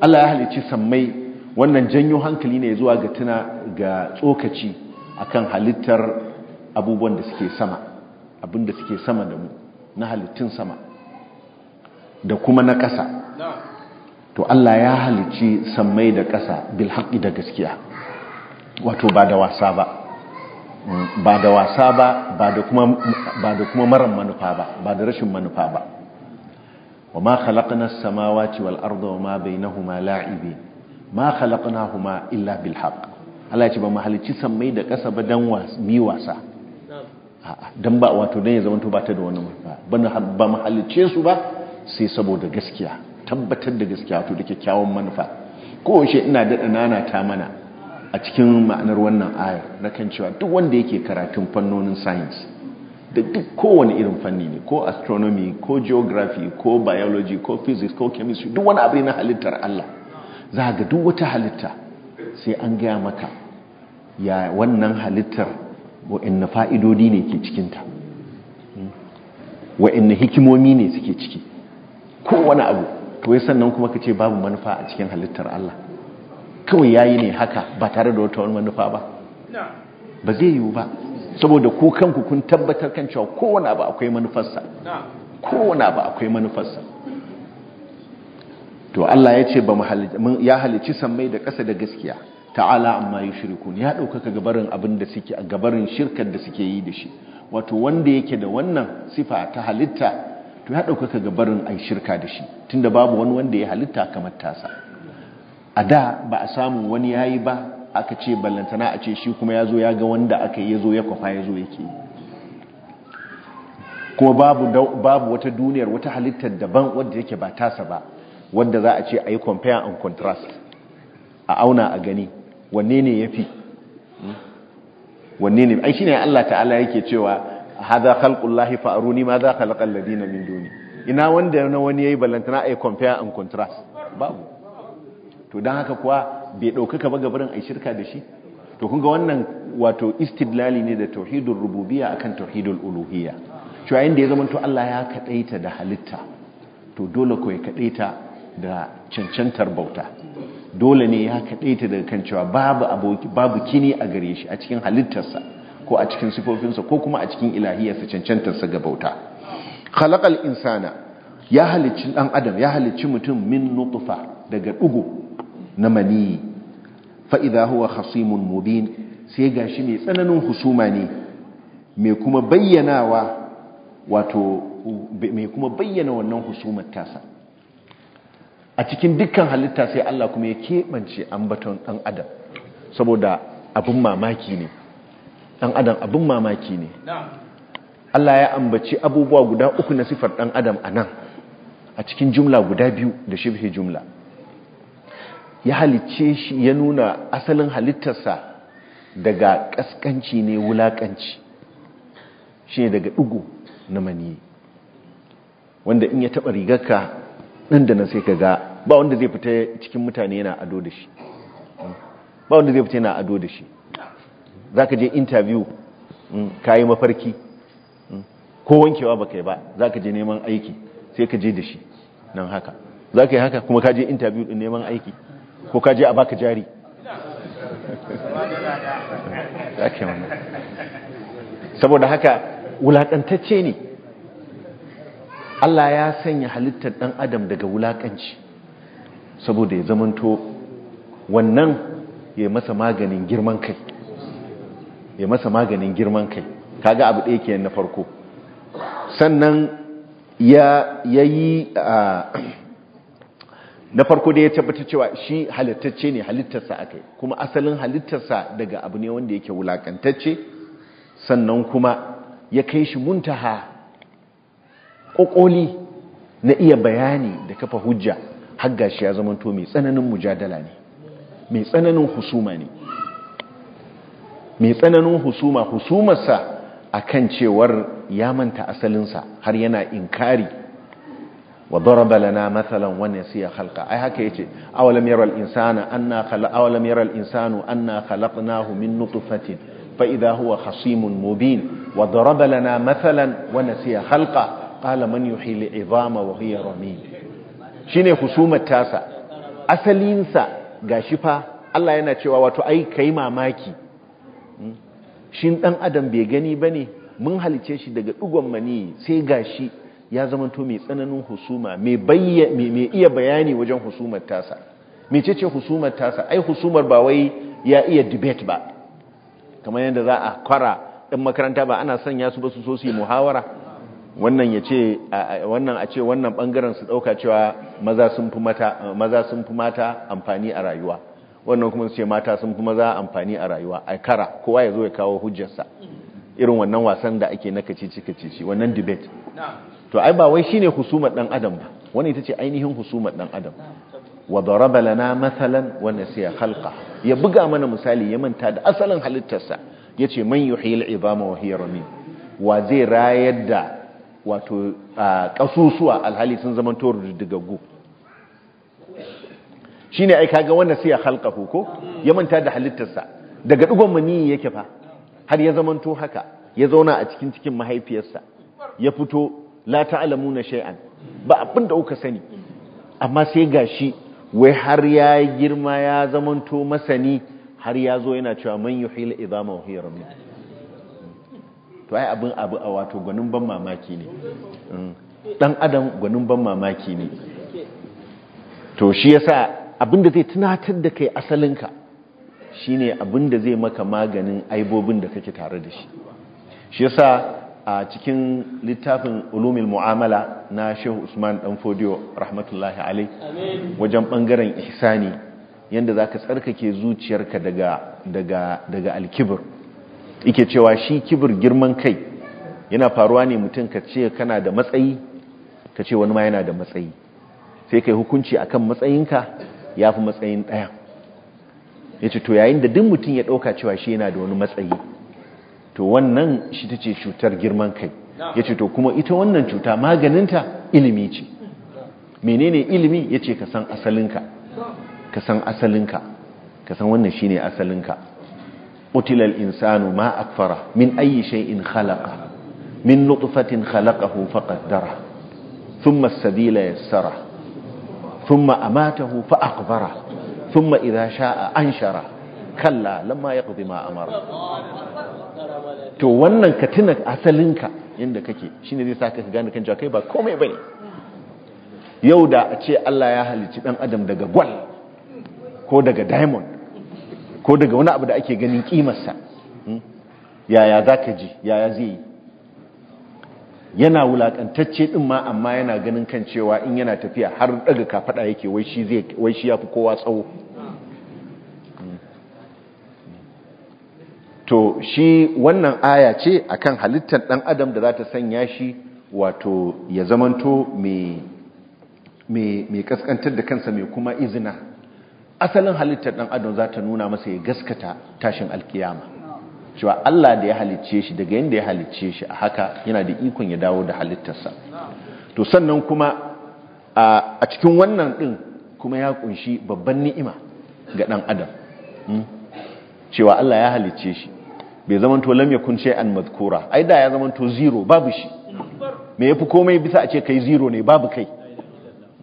A: Allah ya halicci sammai wannan janyo hankali ne zuwa ga tuna ga tsokaci akan halittar abubuwan da suke sama abin suke sama da mu na halittun sama da kuma na ƙasa to Allah ya halicci sammai da ƙasa bil haqqi da gaskiya wato ba da wasa ba ba da wasa ba ba da kuma maran manufa ba ba da rashin manufa ba wa ma khalaqna as-samawati wal arda wa ma bainahuma la'ibin ma khalaqnahuma illa bil haqq Allah ya ce ba mu halicci sammai da ƙasa ba dan mi wasa a'a dan ba wato dan ya zamanto ba ta da wani manufa ba mu halicce su ba sai saboda gaskiya tabbatar da gaskiya wato da kyakkyawan manufa ko ina daɗa nana ta mana a cikin ma'anar wannan ayar na kan cewa duk wanda yake karatun fannonin science da duk kowane irin fanni ne ko astronomy ko geography ko biology ko physics ko chemistry duk wani abu na halittar Allah za ga duk wata halitta sai an gaya maka ya wannan halittar wa'anne fa'idodi ne ke cikinta wa'anne hikimomi ne suke ciki wani abu to sannan kuma ka ce babu manufa a cikin halittar Allah kawai ya yi ne haka ba tare da wata wani manufa ba ba zai yiwu ba saboda ku kanku kun tabbatar kan cewa kowane ba akwai manufarsa kowane ba akwai manufarsa to Allah ya ce ba ya halici sammai da kasa da gaskiya ta'ala amma yushrikun ya ɗaukaka gabarin abin da suke a gabarin shirkar da suke yi da shi wato wanda yake da wannan sifa ta halitta to ya ɗaukaka gabarin ai shirka da shi tunda babu wani wanda ya halitta kamar tasa a da ba a samu wani ya yi ba aka ce ballantana a ce shi kuma ya zo ya ga wanda aka yi ya zo ya kwafa ya zo yake Ko babu wata duniyar wata halittar daban wadda yake ba tasa ba wadda za a ce a yi compare and contrast a auna a gani wanne ne ya fi wanne ne ai ne Allah ta'ala yake cewa hadha khalqullahi fa aruni ma za khalaqa ladina min duni ina wanda na wani yayi ballantana ai compare and contrast babu to don haka kuwa bai ɗaukaka ba gabarin a shirka da shi to kunga wannan wato istidlali ne da tauhidul rububiya akan tauhidul uluhiyya to yayin da ya zama to Allah ya kadaita da halitta to dole ko ya kadaita da cancantar bauta dole ne ya kadaita daga kan cewa babu aboki babu kini a gare shi a cikin halittarsa ko a cikin sifofinsa ko kuma a cikin ilahiyarsa cancantarsa ga bauta khalaqal insana ya halicci dan adam ya halicci mutum min nutfa daga dugo na maniyi fa'iza huwa khasimun mubin sai ga shi mai tsananin husuma ne mai kuma bayyana wato mai kuma bayyana wannan husumar tasa a cikin dukkan halitta sai Allah kuma ya keɓance ambaton ɗan adam saboda abin mamaki ne ɗan adam abin mamaki ne Allah ya ambaci abubuwa guda uku na sifar ɗan adam a nan a cikin jumla guda biyu da shibhe jumla ya halicce shi ya nuna asalin halittarsa daga ƙasƙanci ne wulaƙanci shi daga ɗigo na maniyi wanda in ya taɓa rigarka ɗin da nan sai ka ga ba wanda zai fita cikin mutane yana ado da shi ba wanda zai fita yana ado da shi za ka je interview mm, ka yi mafarki mm, ko wankewa ba kai ba za ka je neman aiki sai ka je da shi nan haka za ka yi haka kuma ka je interview neman aiki ko ka je a baka jari saboda haka wulakantacce ne Allah ya sanya halittar ɗan adam daga wulakanci saboda ya zamanto wannan ya masa maganin girman kai ya masa maganin girman kai kaga abu ɗaya kenan na farko sannan ya yayi ah, na farko da ya tabbata cewa shi halittacce ne halittarsa aka yi kuma asalin halittarsa daga abu ne wanda yake wulakantacce sannan kuma ya kai shi muntaha ƙoƙoli na iya bayani da kafa hujja har shi ya zamanto mai tsananin mujadala ne mai tsananin husuma ne mai tsananin husuma husumarsa a kan cewar ya manta asalinsa har yana inkari wa daraba lana mathalan wa nasiya khalqa ai haka yace awalam yara insana anna khala awalam yara insanu anna khalaqnahu min nutfatin fa idha huwa khasimun mubin wa daraba lana mathalan wa nasiya khalqa qala man yuhyi al idama wa hiya ramim shine husumat tasa asalin sa gashi fa Allah yana cewa wato ai kai mamaki shin dan adam bai gani bane mun halice shi daga dugon mani sai gashi ya zamanto mai tsananin husuma mai iya bayani wajen husumar tasa mecece husumar tasa ai husumar ba wai ya iya debate ba kamar yadda za a kwara ɗin makaranta ba ana sanya su ba su so su yi muhawara wannan ya ce wannan a ce wannan ɓangaren su ɗauka cewa maza sun fi mata amfani a rayuwa wannan kuma su ce mata sun fi maza amfani a rayuwa a kara kowa ya zo ya kawo hujjarsa irin wannan wasan da ake na kacici kacici wannan debate to ai ba wai shine husumar dan adam ba wani ita ce ainihin husumar dan adam wa daraba lana mathalan wa nasiya khalqa ya buga mana misali ya manta da asalin halittarsa yace man yuhil ibama wa hiya ramim wa zai rayar da wato kasusuwa alhali sun zaman to rudigaggu shine ai kaga wannan siya khalqahu ko ya manta da halittarsa daga dugon mani yake fa har ya zaman to haka ya zauna a cikin cikin mahaifiyarsa ya fito la ta'lamuna shay'an ba abin da uka sani amma sai ga shi wai har ya girma ya zamanto masani har ya zo yana cewa man yuhil idama wa hiya to ai abin abu a wato gwanin ban mamaki ne mm. dan adam gwanin ban mamaki ne to shi yasa abinda zai tunatar da kai asalinka shine abinda zai maka maganin aibobin da kake tare da shi shi yasa a cikin littafin ulumin mu'amala na shehu usman dan fodiyo rahmatullahi alai wajen bangaren ihsani yanda ka tsarkake zuciyarka daga daga daga alkibir ike cewa shi kibir girman kai yana faruwa ne mutum ka ce kana da matsayi ka ce wani ma yana da matsayi sai kai hukunci akan matsayinka ya fi matsayin ɗaya yace to yayin da duk mutum ya ɗauka cewa shi yana da wani matsayi to wannan shi ta ce cutar girman kai ya ce to kuma ita wannan cuta maganinta ilimi ce menene ilimi ya ce ka san asalinka ka san asalinka ka san wannan shi ne asalinka utilal insanu ma akfara min ayi shay'in halaka min nutfatin khalaqahu ƙaddara, thumma ma sabila yassara thumma amatahu fa aqbara thumma idha sha'a anshara kalla lamma yaqdi ma amara
B: to wannan ka tuna
A: asalinka yadda kake shi ne zai saka ka gane kan jakai kai ba komai bane yau da a ce Allah ya halicci dan adam daga gwal ko daga diamond ko daga wani abu da ake ganin kimarsa hmm, yaya za ka ji yaya zai yi yana wulakantacce ɗin ma amma yana ganin kan cewa in yana tafiya har daga kafada yake wai shi ya fi kowa tsawo to shi wannan aya ce akan halittar ɗan adam da za ta sanya shi wato ya zamanto mai kaskantar da kansa mai kuma izina asalin halittar ɗan adam za ta nuna masa ya gaskata tashin alkiyama cewa Allah da ya halicce shi daga yadda ya halicce shi a haka yana da ikon ya dawo da halittarsa to sannan kuma a cikin wannan ɗin kuma ya kunshi babban ni'ima ga ɗan adam hmm? cewa Allah ya halicce shi bai zamanto lam yakun shay'an madhkura ai da ya zamanto zero babu shi me yafi komai bisa a ce kai zero ne babu kai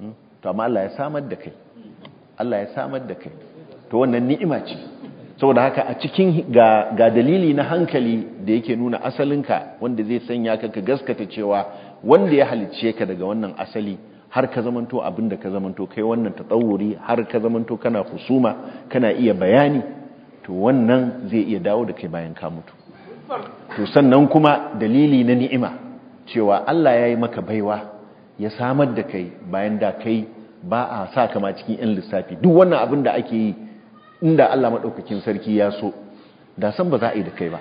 A: hmm? to amma Allah ya samar da kai Allah ya samar da kai to wannan ni'ima ce saboda haka a cikin ga, ga dalili na hankali da yake nuna asalinka wanda zai sanya ka ka gaskata cewa wanda ya halicce ka daga wannan asali har ka zamanto abin da ka zamanto kai wannan tatsawuri har ka zamanto kana husuma kana iya bayani to wannan zai iya dawo da kai bayan ka mutu to sannan kuma dalili na ni'ima cewa Allah ya yi maka baiwa ya samar da kai bayan da kai ba a sa kama cikin 'yan lissafi duk wannan abin da ake yi inda Allah maɗaukakin sarki ya so da san ba za a yi da kai ba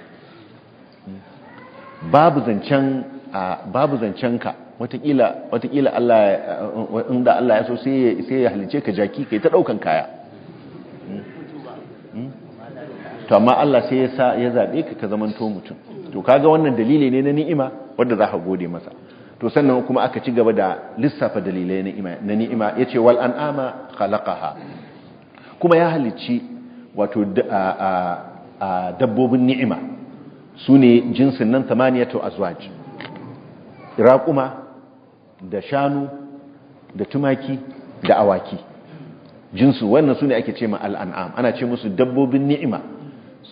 A: babu zancen ka watakila inda Allah ya so sai ya halice ka jaki kai ta ɗaukan kaya
B: to amma Allah sai ya
A: sa ya zabe ka ka zamanto mutum to kaga wannan dalili ne na ni'ima wanda za ka gode masa to sannan kuma aka ci gaba da lissafa dalilai na ni'ima na ni'ima yace wal an'ama khalaqaha kuma ya halicci wato dabbobin ni'ima Su ne jinsin nan to azwaj raquma da shanu da tumaki da awaki jinsu wannan su ne ake ce ma al'an'am? ana ce musu dabbobin ni'ima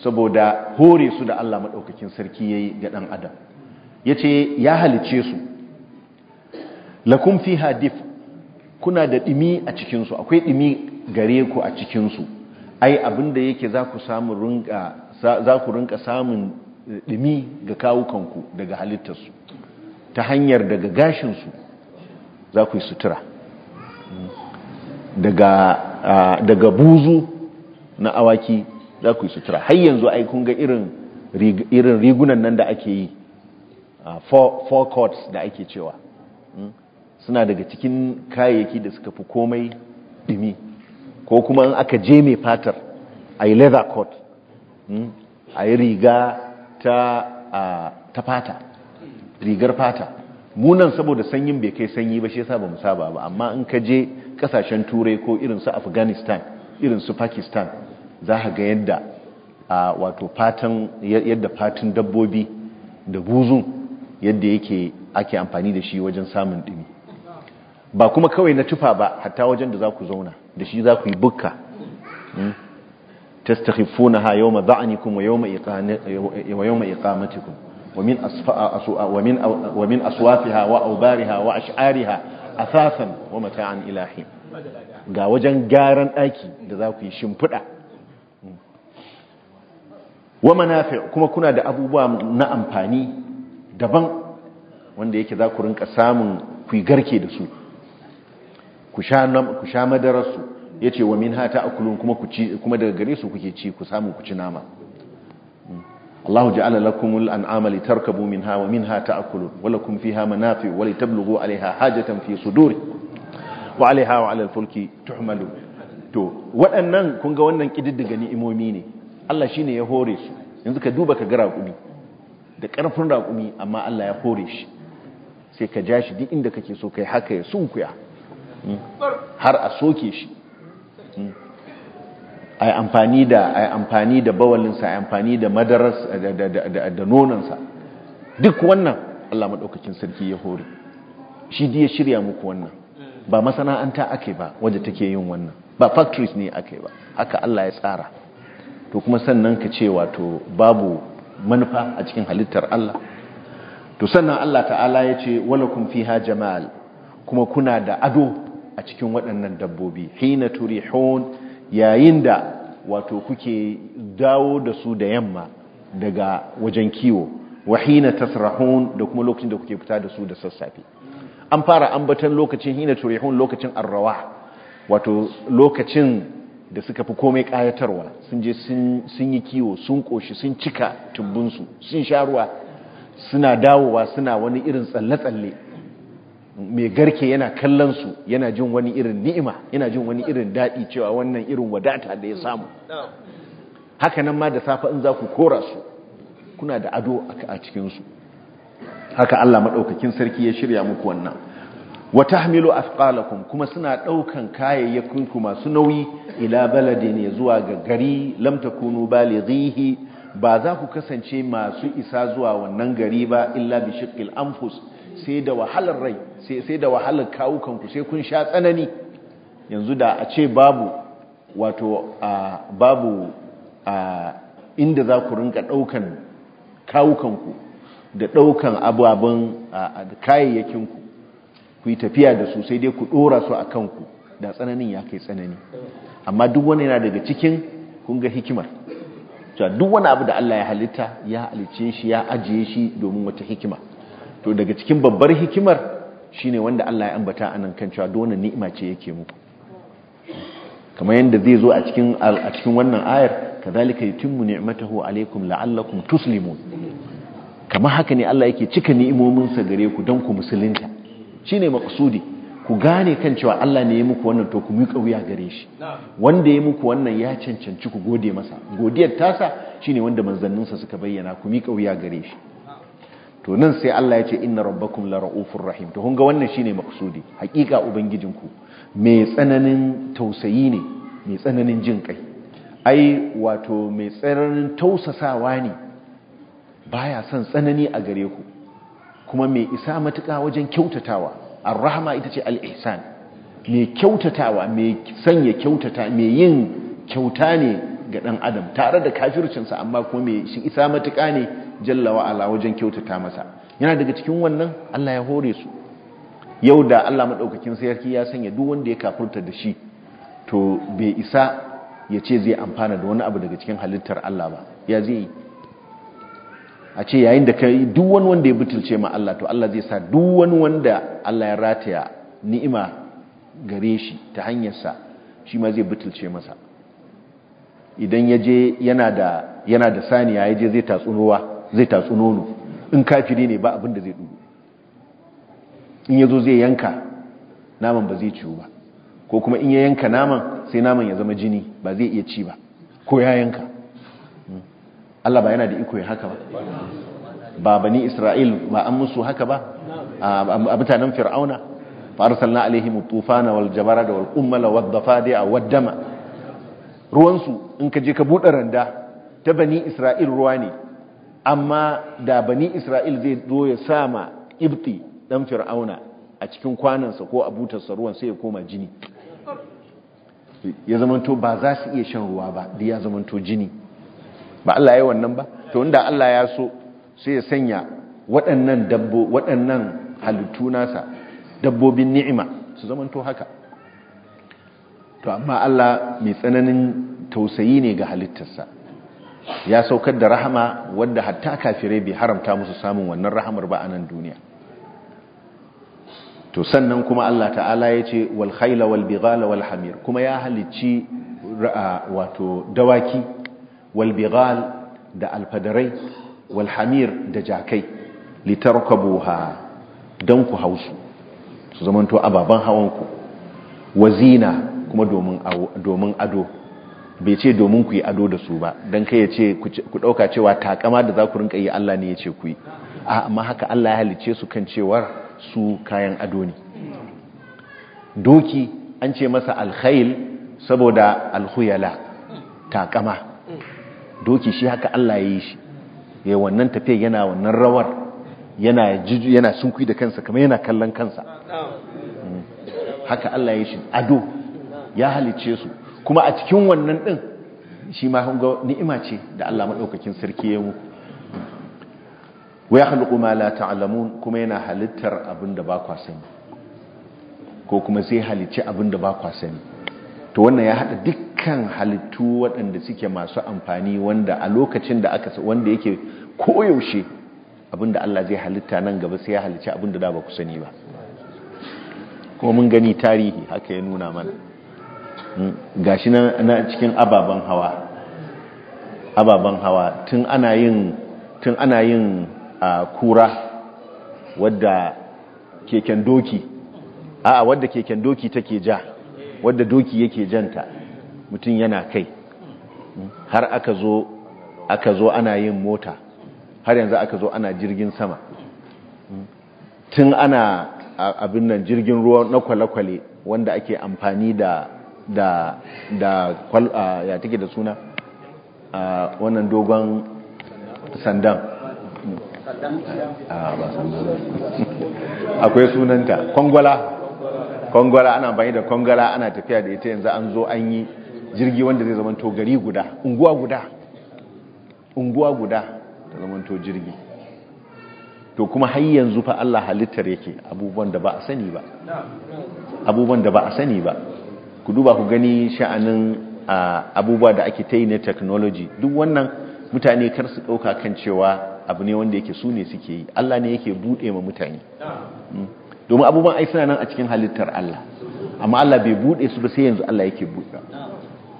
A: saboda hore su da Allah maɗaukakin sarki ya yi ga ɗan adam ya ce ya halice su lakum fi hadif kuna da ɗimi a cikinsu akwai ɗimi gare ku a cikinsu ai abinda yake za ku rinka samun ɗimi ga kawukanku daga halittarsu ta hanyar daga gashinsu za ku yi sutura daga ah, buzu na awaki za ku yi sutura har yanzu ai kun ga irin irin rigunan nan da ake yi four courts da ake cewa hmm? suna daga cikin kayayyaki da suka fi komai dumi ko kuma in aka je mai fatar a yi leather court hmm? a yi riga ta fata rigar fata munan saboda sanyin bai kai sanyi ba shi ya ba mu saba ba amma in ka je kasashen turai ko irinsu afghanistan irinsu pakistan za ka ga yadda wato fatan yadda fatan dabbobi da buzun yadda yake ake amfani da shi wajen samun dumi ba kuma kawai na tufa ba hatta wajen da za ku zauna da shi za ku yi bukka hmm? tastakhifunaha yawma da'nikum wa yawma iqamatikum wa min iqamatikum ومن aubariha wa اصوافها واوبارها واشعارها اساسا ومتاعا ga wajen gyaran ɗaki da za ku yi shimfiɗa wa manafi kuma kuna da abubuwa na amfani daban wanda yake za ku rinka samun ku garke da su ku sha madararsu ya ce wa min hata akulun kuma daga gare su kuke ci ku samu ku ci nama hmm. Allahu ja'ala lakumul an'ama tarkabu minha wa minha ta'kulun wa lakum fiha manafi wa tablughu 'alayha hajatan fi suduri wa 'alayha wa al fulki tuhmalu to waɗannan kun ga wannan kididdiga ni'imomi ne Allah shi ne ya hore su yanzu ka duba ka ga raƙumi da ƙarfin raƙumi amma Allah ya hore shi sai ka ja shi duk inda kake so kai haka ya sunkuya hmm? har a soke shi hmm? ai amfani da ai amfani da bawalinsa ai amfani da madaras da nonansa duk wannan Allah madaukakin sarki ya hore shi dai ya shirya muku wannan ba masana'anta ake ba waje take yin wannan ba factories ne ake ba haka Allah ya tsara to kuma sannan ka ce wato babu manufa a cikin halittar Allah to sannan Allah ta'ala ya ce walakum fiha jamal kuma kuna da ado a cikin waɗannan dabbobi hina turihun yayin da wato kuke dawo da su da yamma daga wajen kiwo wa hina tasrahun da kuma lokacin da kuke fita da su da sassafe an fara ambatan lokacin hina turihun lokacin arrawa wato lokacin da suka fi komai kayatarwa sun je sun yi kiwo sun koshi sun cika tumbinsu sun sha ruwa suna dawowa suna wani irin tsalle-tsalle mai garke yana kallon su yana jin wani irin ni'ima yana jin wani irin daɗi cewa wannan irin wadata da ya samu hakanan ma da safa in za ku kora su kuna da ado a cikinsu haka Allah maɗaukakin sarki ya shirya muku wannan wa tahmilu athqalakum kuma suna daukan kayayyakin ku masu nauyi ila baladin ya zuwa ga gari lam takunu balighihi ba za ku kasance masu isa zuwa wannan gari ba illa bi shiqqil anfus sai da wahalar rai sai sai da wahalar kawukan ku sai kun sha tsanani yanzu da a ce babu wato a babu a inda za ku rinka daukan kawukan ku da daukan ababen ku. ku yi tafiya da su sai dai ku ɗora su a kanku da tsananin ya kai tsanani amma duk wani yana daga cikin kunga hikimar cewa duk wani abu da Allah ya halitta ya halice shi ya ajiye shi domin wata hikima to daga cikin babbar hikimar shine wanda Allah ya ambata anan kan cewa duk wani ni'ima ce yake muku kamar yadda zai zo a cikin a cikin wannan ayar kadhalika yutimmu ni'matahu alaykum la'allakum tuslimun kamar haka ne Allah yake cika ni'imominsa gare ku don ku musulunta Shi ne makasudi. ku gane kan cewa Allah ne ya muku wannan to ku miƙa wuya gare shi wanda ya muku wannan ya cancanci ku gode masa godiyar tasa shine wanda manzanninsa suka bayyana ku miƙa wuya gare shi to nan sai Allah ya ce inna rabbakum la raufur rahim to hunga wannan wannan shine maqsudi hakika ubangijinku mai tsananin tausayi ne mai tsananin jin kai ai wato mai tsananin tausasawa ne baya son tsanani a gare ku kuma mai isa matuka wajen kyautatawa ar-rahma ita ce al-ihsan mai kyautatawa mai sanya kyautata mai yin kyauta ne ga dan adam tare da kafircinsa amma kuma mai shi isa matuka ne jalla ala wajen kyautata masa yana daga cikin wannan Allah ya hore su yau da Allah madaukakin sarki ya sanya duk wanda ya kafurta da shi to bai isa ya ce zai amfana da wani abu daga cikin halittar Allah ba ya zai a ce yayin da ka duk wani wanda ya butulce ma Allah to Allah zai sa duk wani wanda Allah ya rataya ni'ima gare shi ta hanyarsa shi ma zai butulce masa idan ya je yana da saniya ya je zai tatsunowa zai in kafiri ne ba abin da zai dubu in ya zo zai yanka naman ba zai ciwo ba ko kuma in ya yanka naman sai naman ya zama jini ba zai iya ci ba ko ya yanka Allah ba yana da iko ya haka ba ba bani Isra'il ba an musu haka ba a mutanen Fir'auna fa arsalna alaihim tufana wal jabara da wal ummala wad a wad dama ruwan su in ka je ka buɗe randa ta bani Isra'il ruwa ne amma da bani Isra'il zai zo ya sama ibti dan Fir'auna a cikin kwanansa ko a butarsa ruwan sai ya koma jini ya zamanto ba za su iya shan ruwa ba da ya zamanto jini ba Allah ya yi wannan ba to inda Allah ya so sai ya sanya waɗannan dabbo waɗannan halittu nasa dabbobin ni'ima su to haka to amma Allah mai tsananin tausayi ne ga halittarsa ya saukar da rahama wadda hatta kafirai bai haramta musu samun wannan rahamar ba a nan duniya to sannan kuma Allah ta'ala ya ce wal khaila wal bighala wal hamir kuma ya halicci wato dawaki Walbiral da alfadarai walhamir da jakai litarkabuha don ku hausu su zamanto ababen hawanku wazina kuma domin ado bai ce domin ku yi ado da su ba don kai ya ce ku ɗauka cewa takama da za ku rinka yi Allah ne ya ce ku yi amma haka Allah ya halice su kan cewar su kayan ado ne doki an ce masa alkhail saboda Alhuyala, takama doki shi haka Allah ya yi shi ya wannan tafiya yana wannan rawar yana sunkwi sunkui da kansa kamar yana kallon kansa
B: mm.
A: haka Allah ya yi shi ado ya halice su kuma a cikin wannan ɗin shi ma hunga ni'ima ce da Allah maɗaukakin sarki ya mu wa yakhluqu ma la ta'alamun kuma yana halittar da ba kwa sani ko kuma sai halice abinda ba kwa sani to wannan ya haɗa duk kan halittu waɗanda suke masu amfani wanda a lokacin da aka wanda yake koyaushe abinda Allah zai halitta nan gaba sai ya halicci abinda da ba ku sani ba kuma mun gani tarihi haka ya nuna mana hmm, gashi na cikin ababen hawa ababen hawa tun ana yin tun ana yin kura wadda keken doki a wadda keken doki take ja wadda doki yake janta mutum yana kai har aka zo ana yin mota har yanzu aka zo ana jirgin sama tun ana abin nan jirgin ruwa na kwale-kwale wanda ake amfani da da da ya take da suna wannan dogon sandan
B: akwai sunanta
A: kwangwala kwangwala ana amfani da kwangwala ana tafiya da ita yanzu an zo an yi jirgi wanda zai zamanto gari guda unguwa guda unguwa guda ta zamanto jirgi to kuma har yanzu fa Allah halittar yake abubuwan da ba a sani ba
B: abubuwan da ba a
A: sani ba ku duba ku gani sha'anin abubuwa da ake ta yi na technology duk wannan mutane kar su ɗauka kan cewa abu ne wanda yake su ne suke yi Allah ne yake buɗe ma mutane hmm. domin abubuwan ai suna nan a cikin halittar Allah amma Allah bai buɗe su ba sai yanzu Allah yake buɗe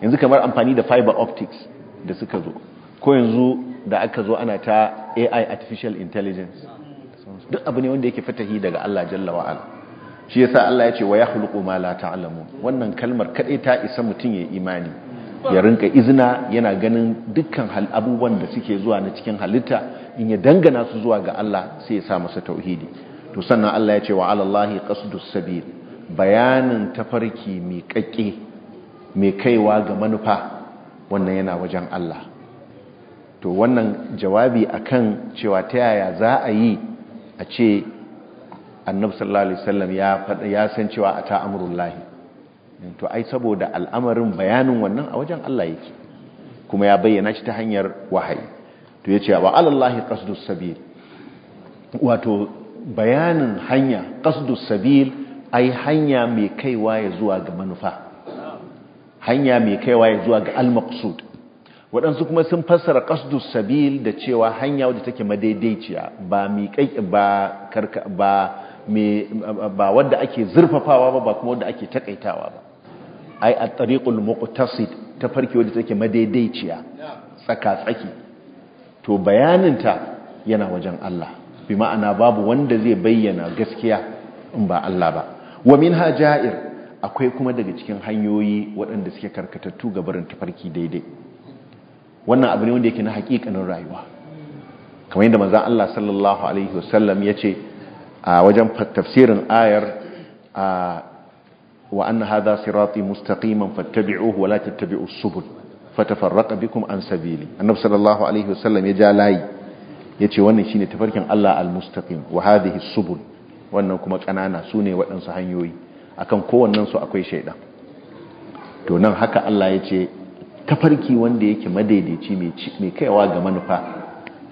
A: yanzu kamar amfani da fiber optics da suka zo ko yanzu da aka zo ana ta AI artificial intelligence duk abu ne wanda yake fatahi daga Allah jalla wa ala shi yasa Allah ya ce wa yakhluqu ma la ta'lamu wannan kalmar kadai ta isa mutun ya imani ya rinka izina yana ganin dukkan hal abubuwan da suke zuwa na cikin halitta in ya dangana su zuwa ga Allah sai ya sa masa tauhidi to sannan Allah ya ce wa alallahi qasdus sabil bayanin tafarki kakke mai kaiwa ga manufa wannan yana wajen Allah to wannan jawabi akan cewa ta yaya za a yi a ce annab sallallahu alaihi wasallam ya ya san cewa ata lahi to ai saboda al'amarin bayanin wannan a wajen Allah yake kuma ya bayyana shi ta hanyar wahayi to yace wa alallahi qasdus sabil wato bayanin hanya qasdus sabil ai hanya mai kaiwa ya zuwa ga manufa hanya mai kaiwa ya zuwa ga al-maqsud waɗansu kuma sun fassara qasdus sabil da cewa hanya wadda take madaidaiciya ba mi ba karka ba me ba wanda ake zurfafawa ba ba kuma wanda ake takaitawa ba ai at-tariqul muqtasid ta farki wadda take madaidaiciya tsaka tsaki to bayanin ta yana wajen Allah bi ma'ana babu wanda zai bayyana gaskiya in ba Allah ba wa minha ja'ir akwai kuma daga cikin hanyoyi waɗanda suke karkatattu ga barin tafarki daidai wannan abu ne wanda yake na haƙiƙanin rayuwa kamar yadda manzon Allah sallallahu alaihi wasallam ce a wajen tafsirin ayar a wa anna hadha sirati mustaqiman ohu wa la tattabi'us subul fatafarraqa bikum an sabili annabi sallallahu alaihi wasallam ya ja layi ya ce wannan shine tafarkin Allah al-mustaqim wa hadhihi subul wannan kuma kanana ne waɗansu hanyoyi akan kowannen su akwai shaidan to nan haka Allah ya ce tafarki wanda yake madaidaici mai kaiwa ga manufa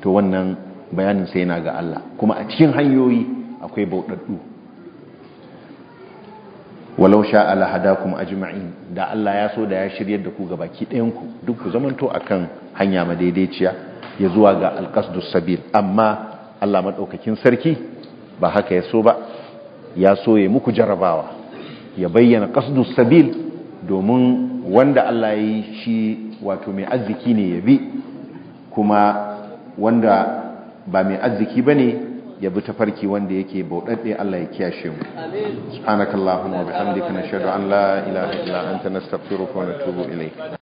A: to wannan bayanin sai yana ga Allah kuma a cikin hanyoyi akwai bauɗaɗɗu walau sha ala hadakum ajma'in da Allah ya so da ya shiryar da ku ga baki ɗayan ku, duk ku zamanto akan hanya madaidaiciya ya zuwa ga alqasdus sabil amma Allah madaukakin sarki ba haka ya so ba ya so ya muku jarabawa ya bayyana qasdus sabil domin wanda Allah ya yi shi wato mai arziki ne ya bi kuma wanda ba mai arziki ba ne ya bi tafarki wanda yake bauɗaɗɗe Allah ya kiyashe mu
B: subhanakallahumma wa bihamdika nashhadu an la ilaha illa anta nastaghfiruka wa natubu ilayk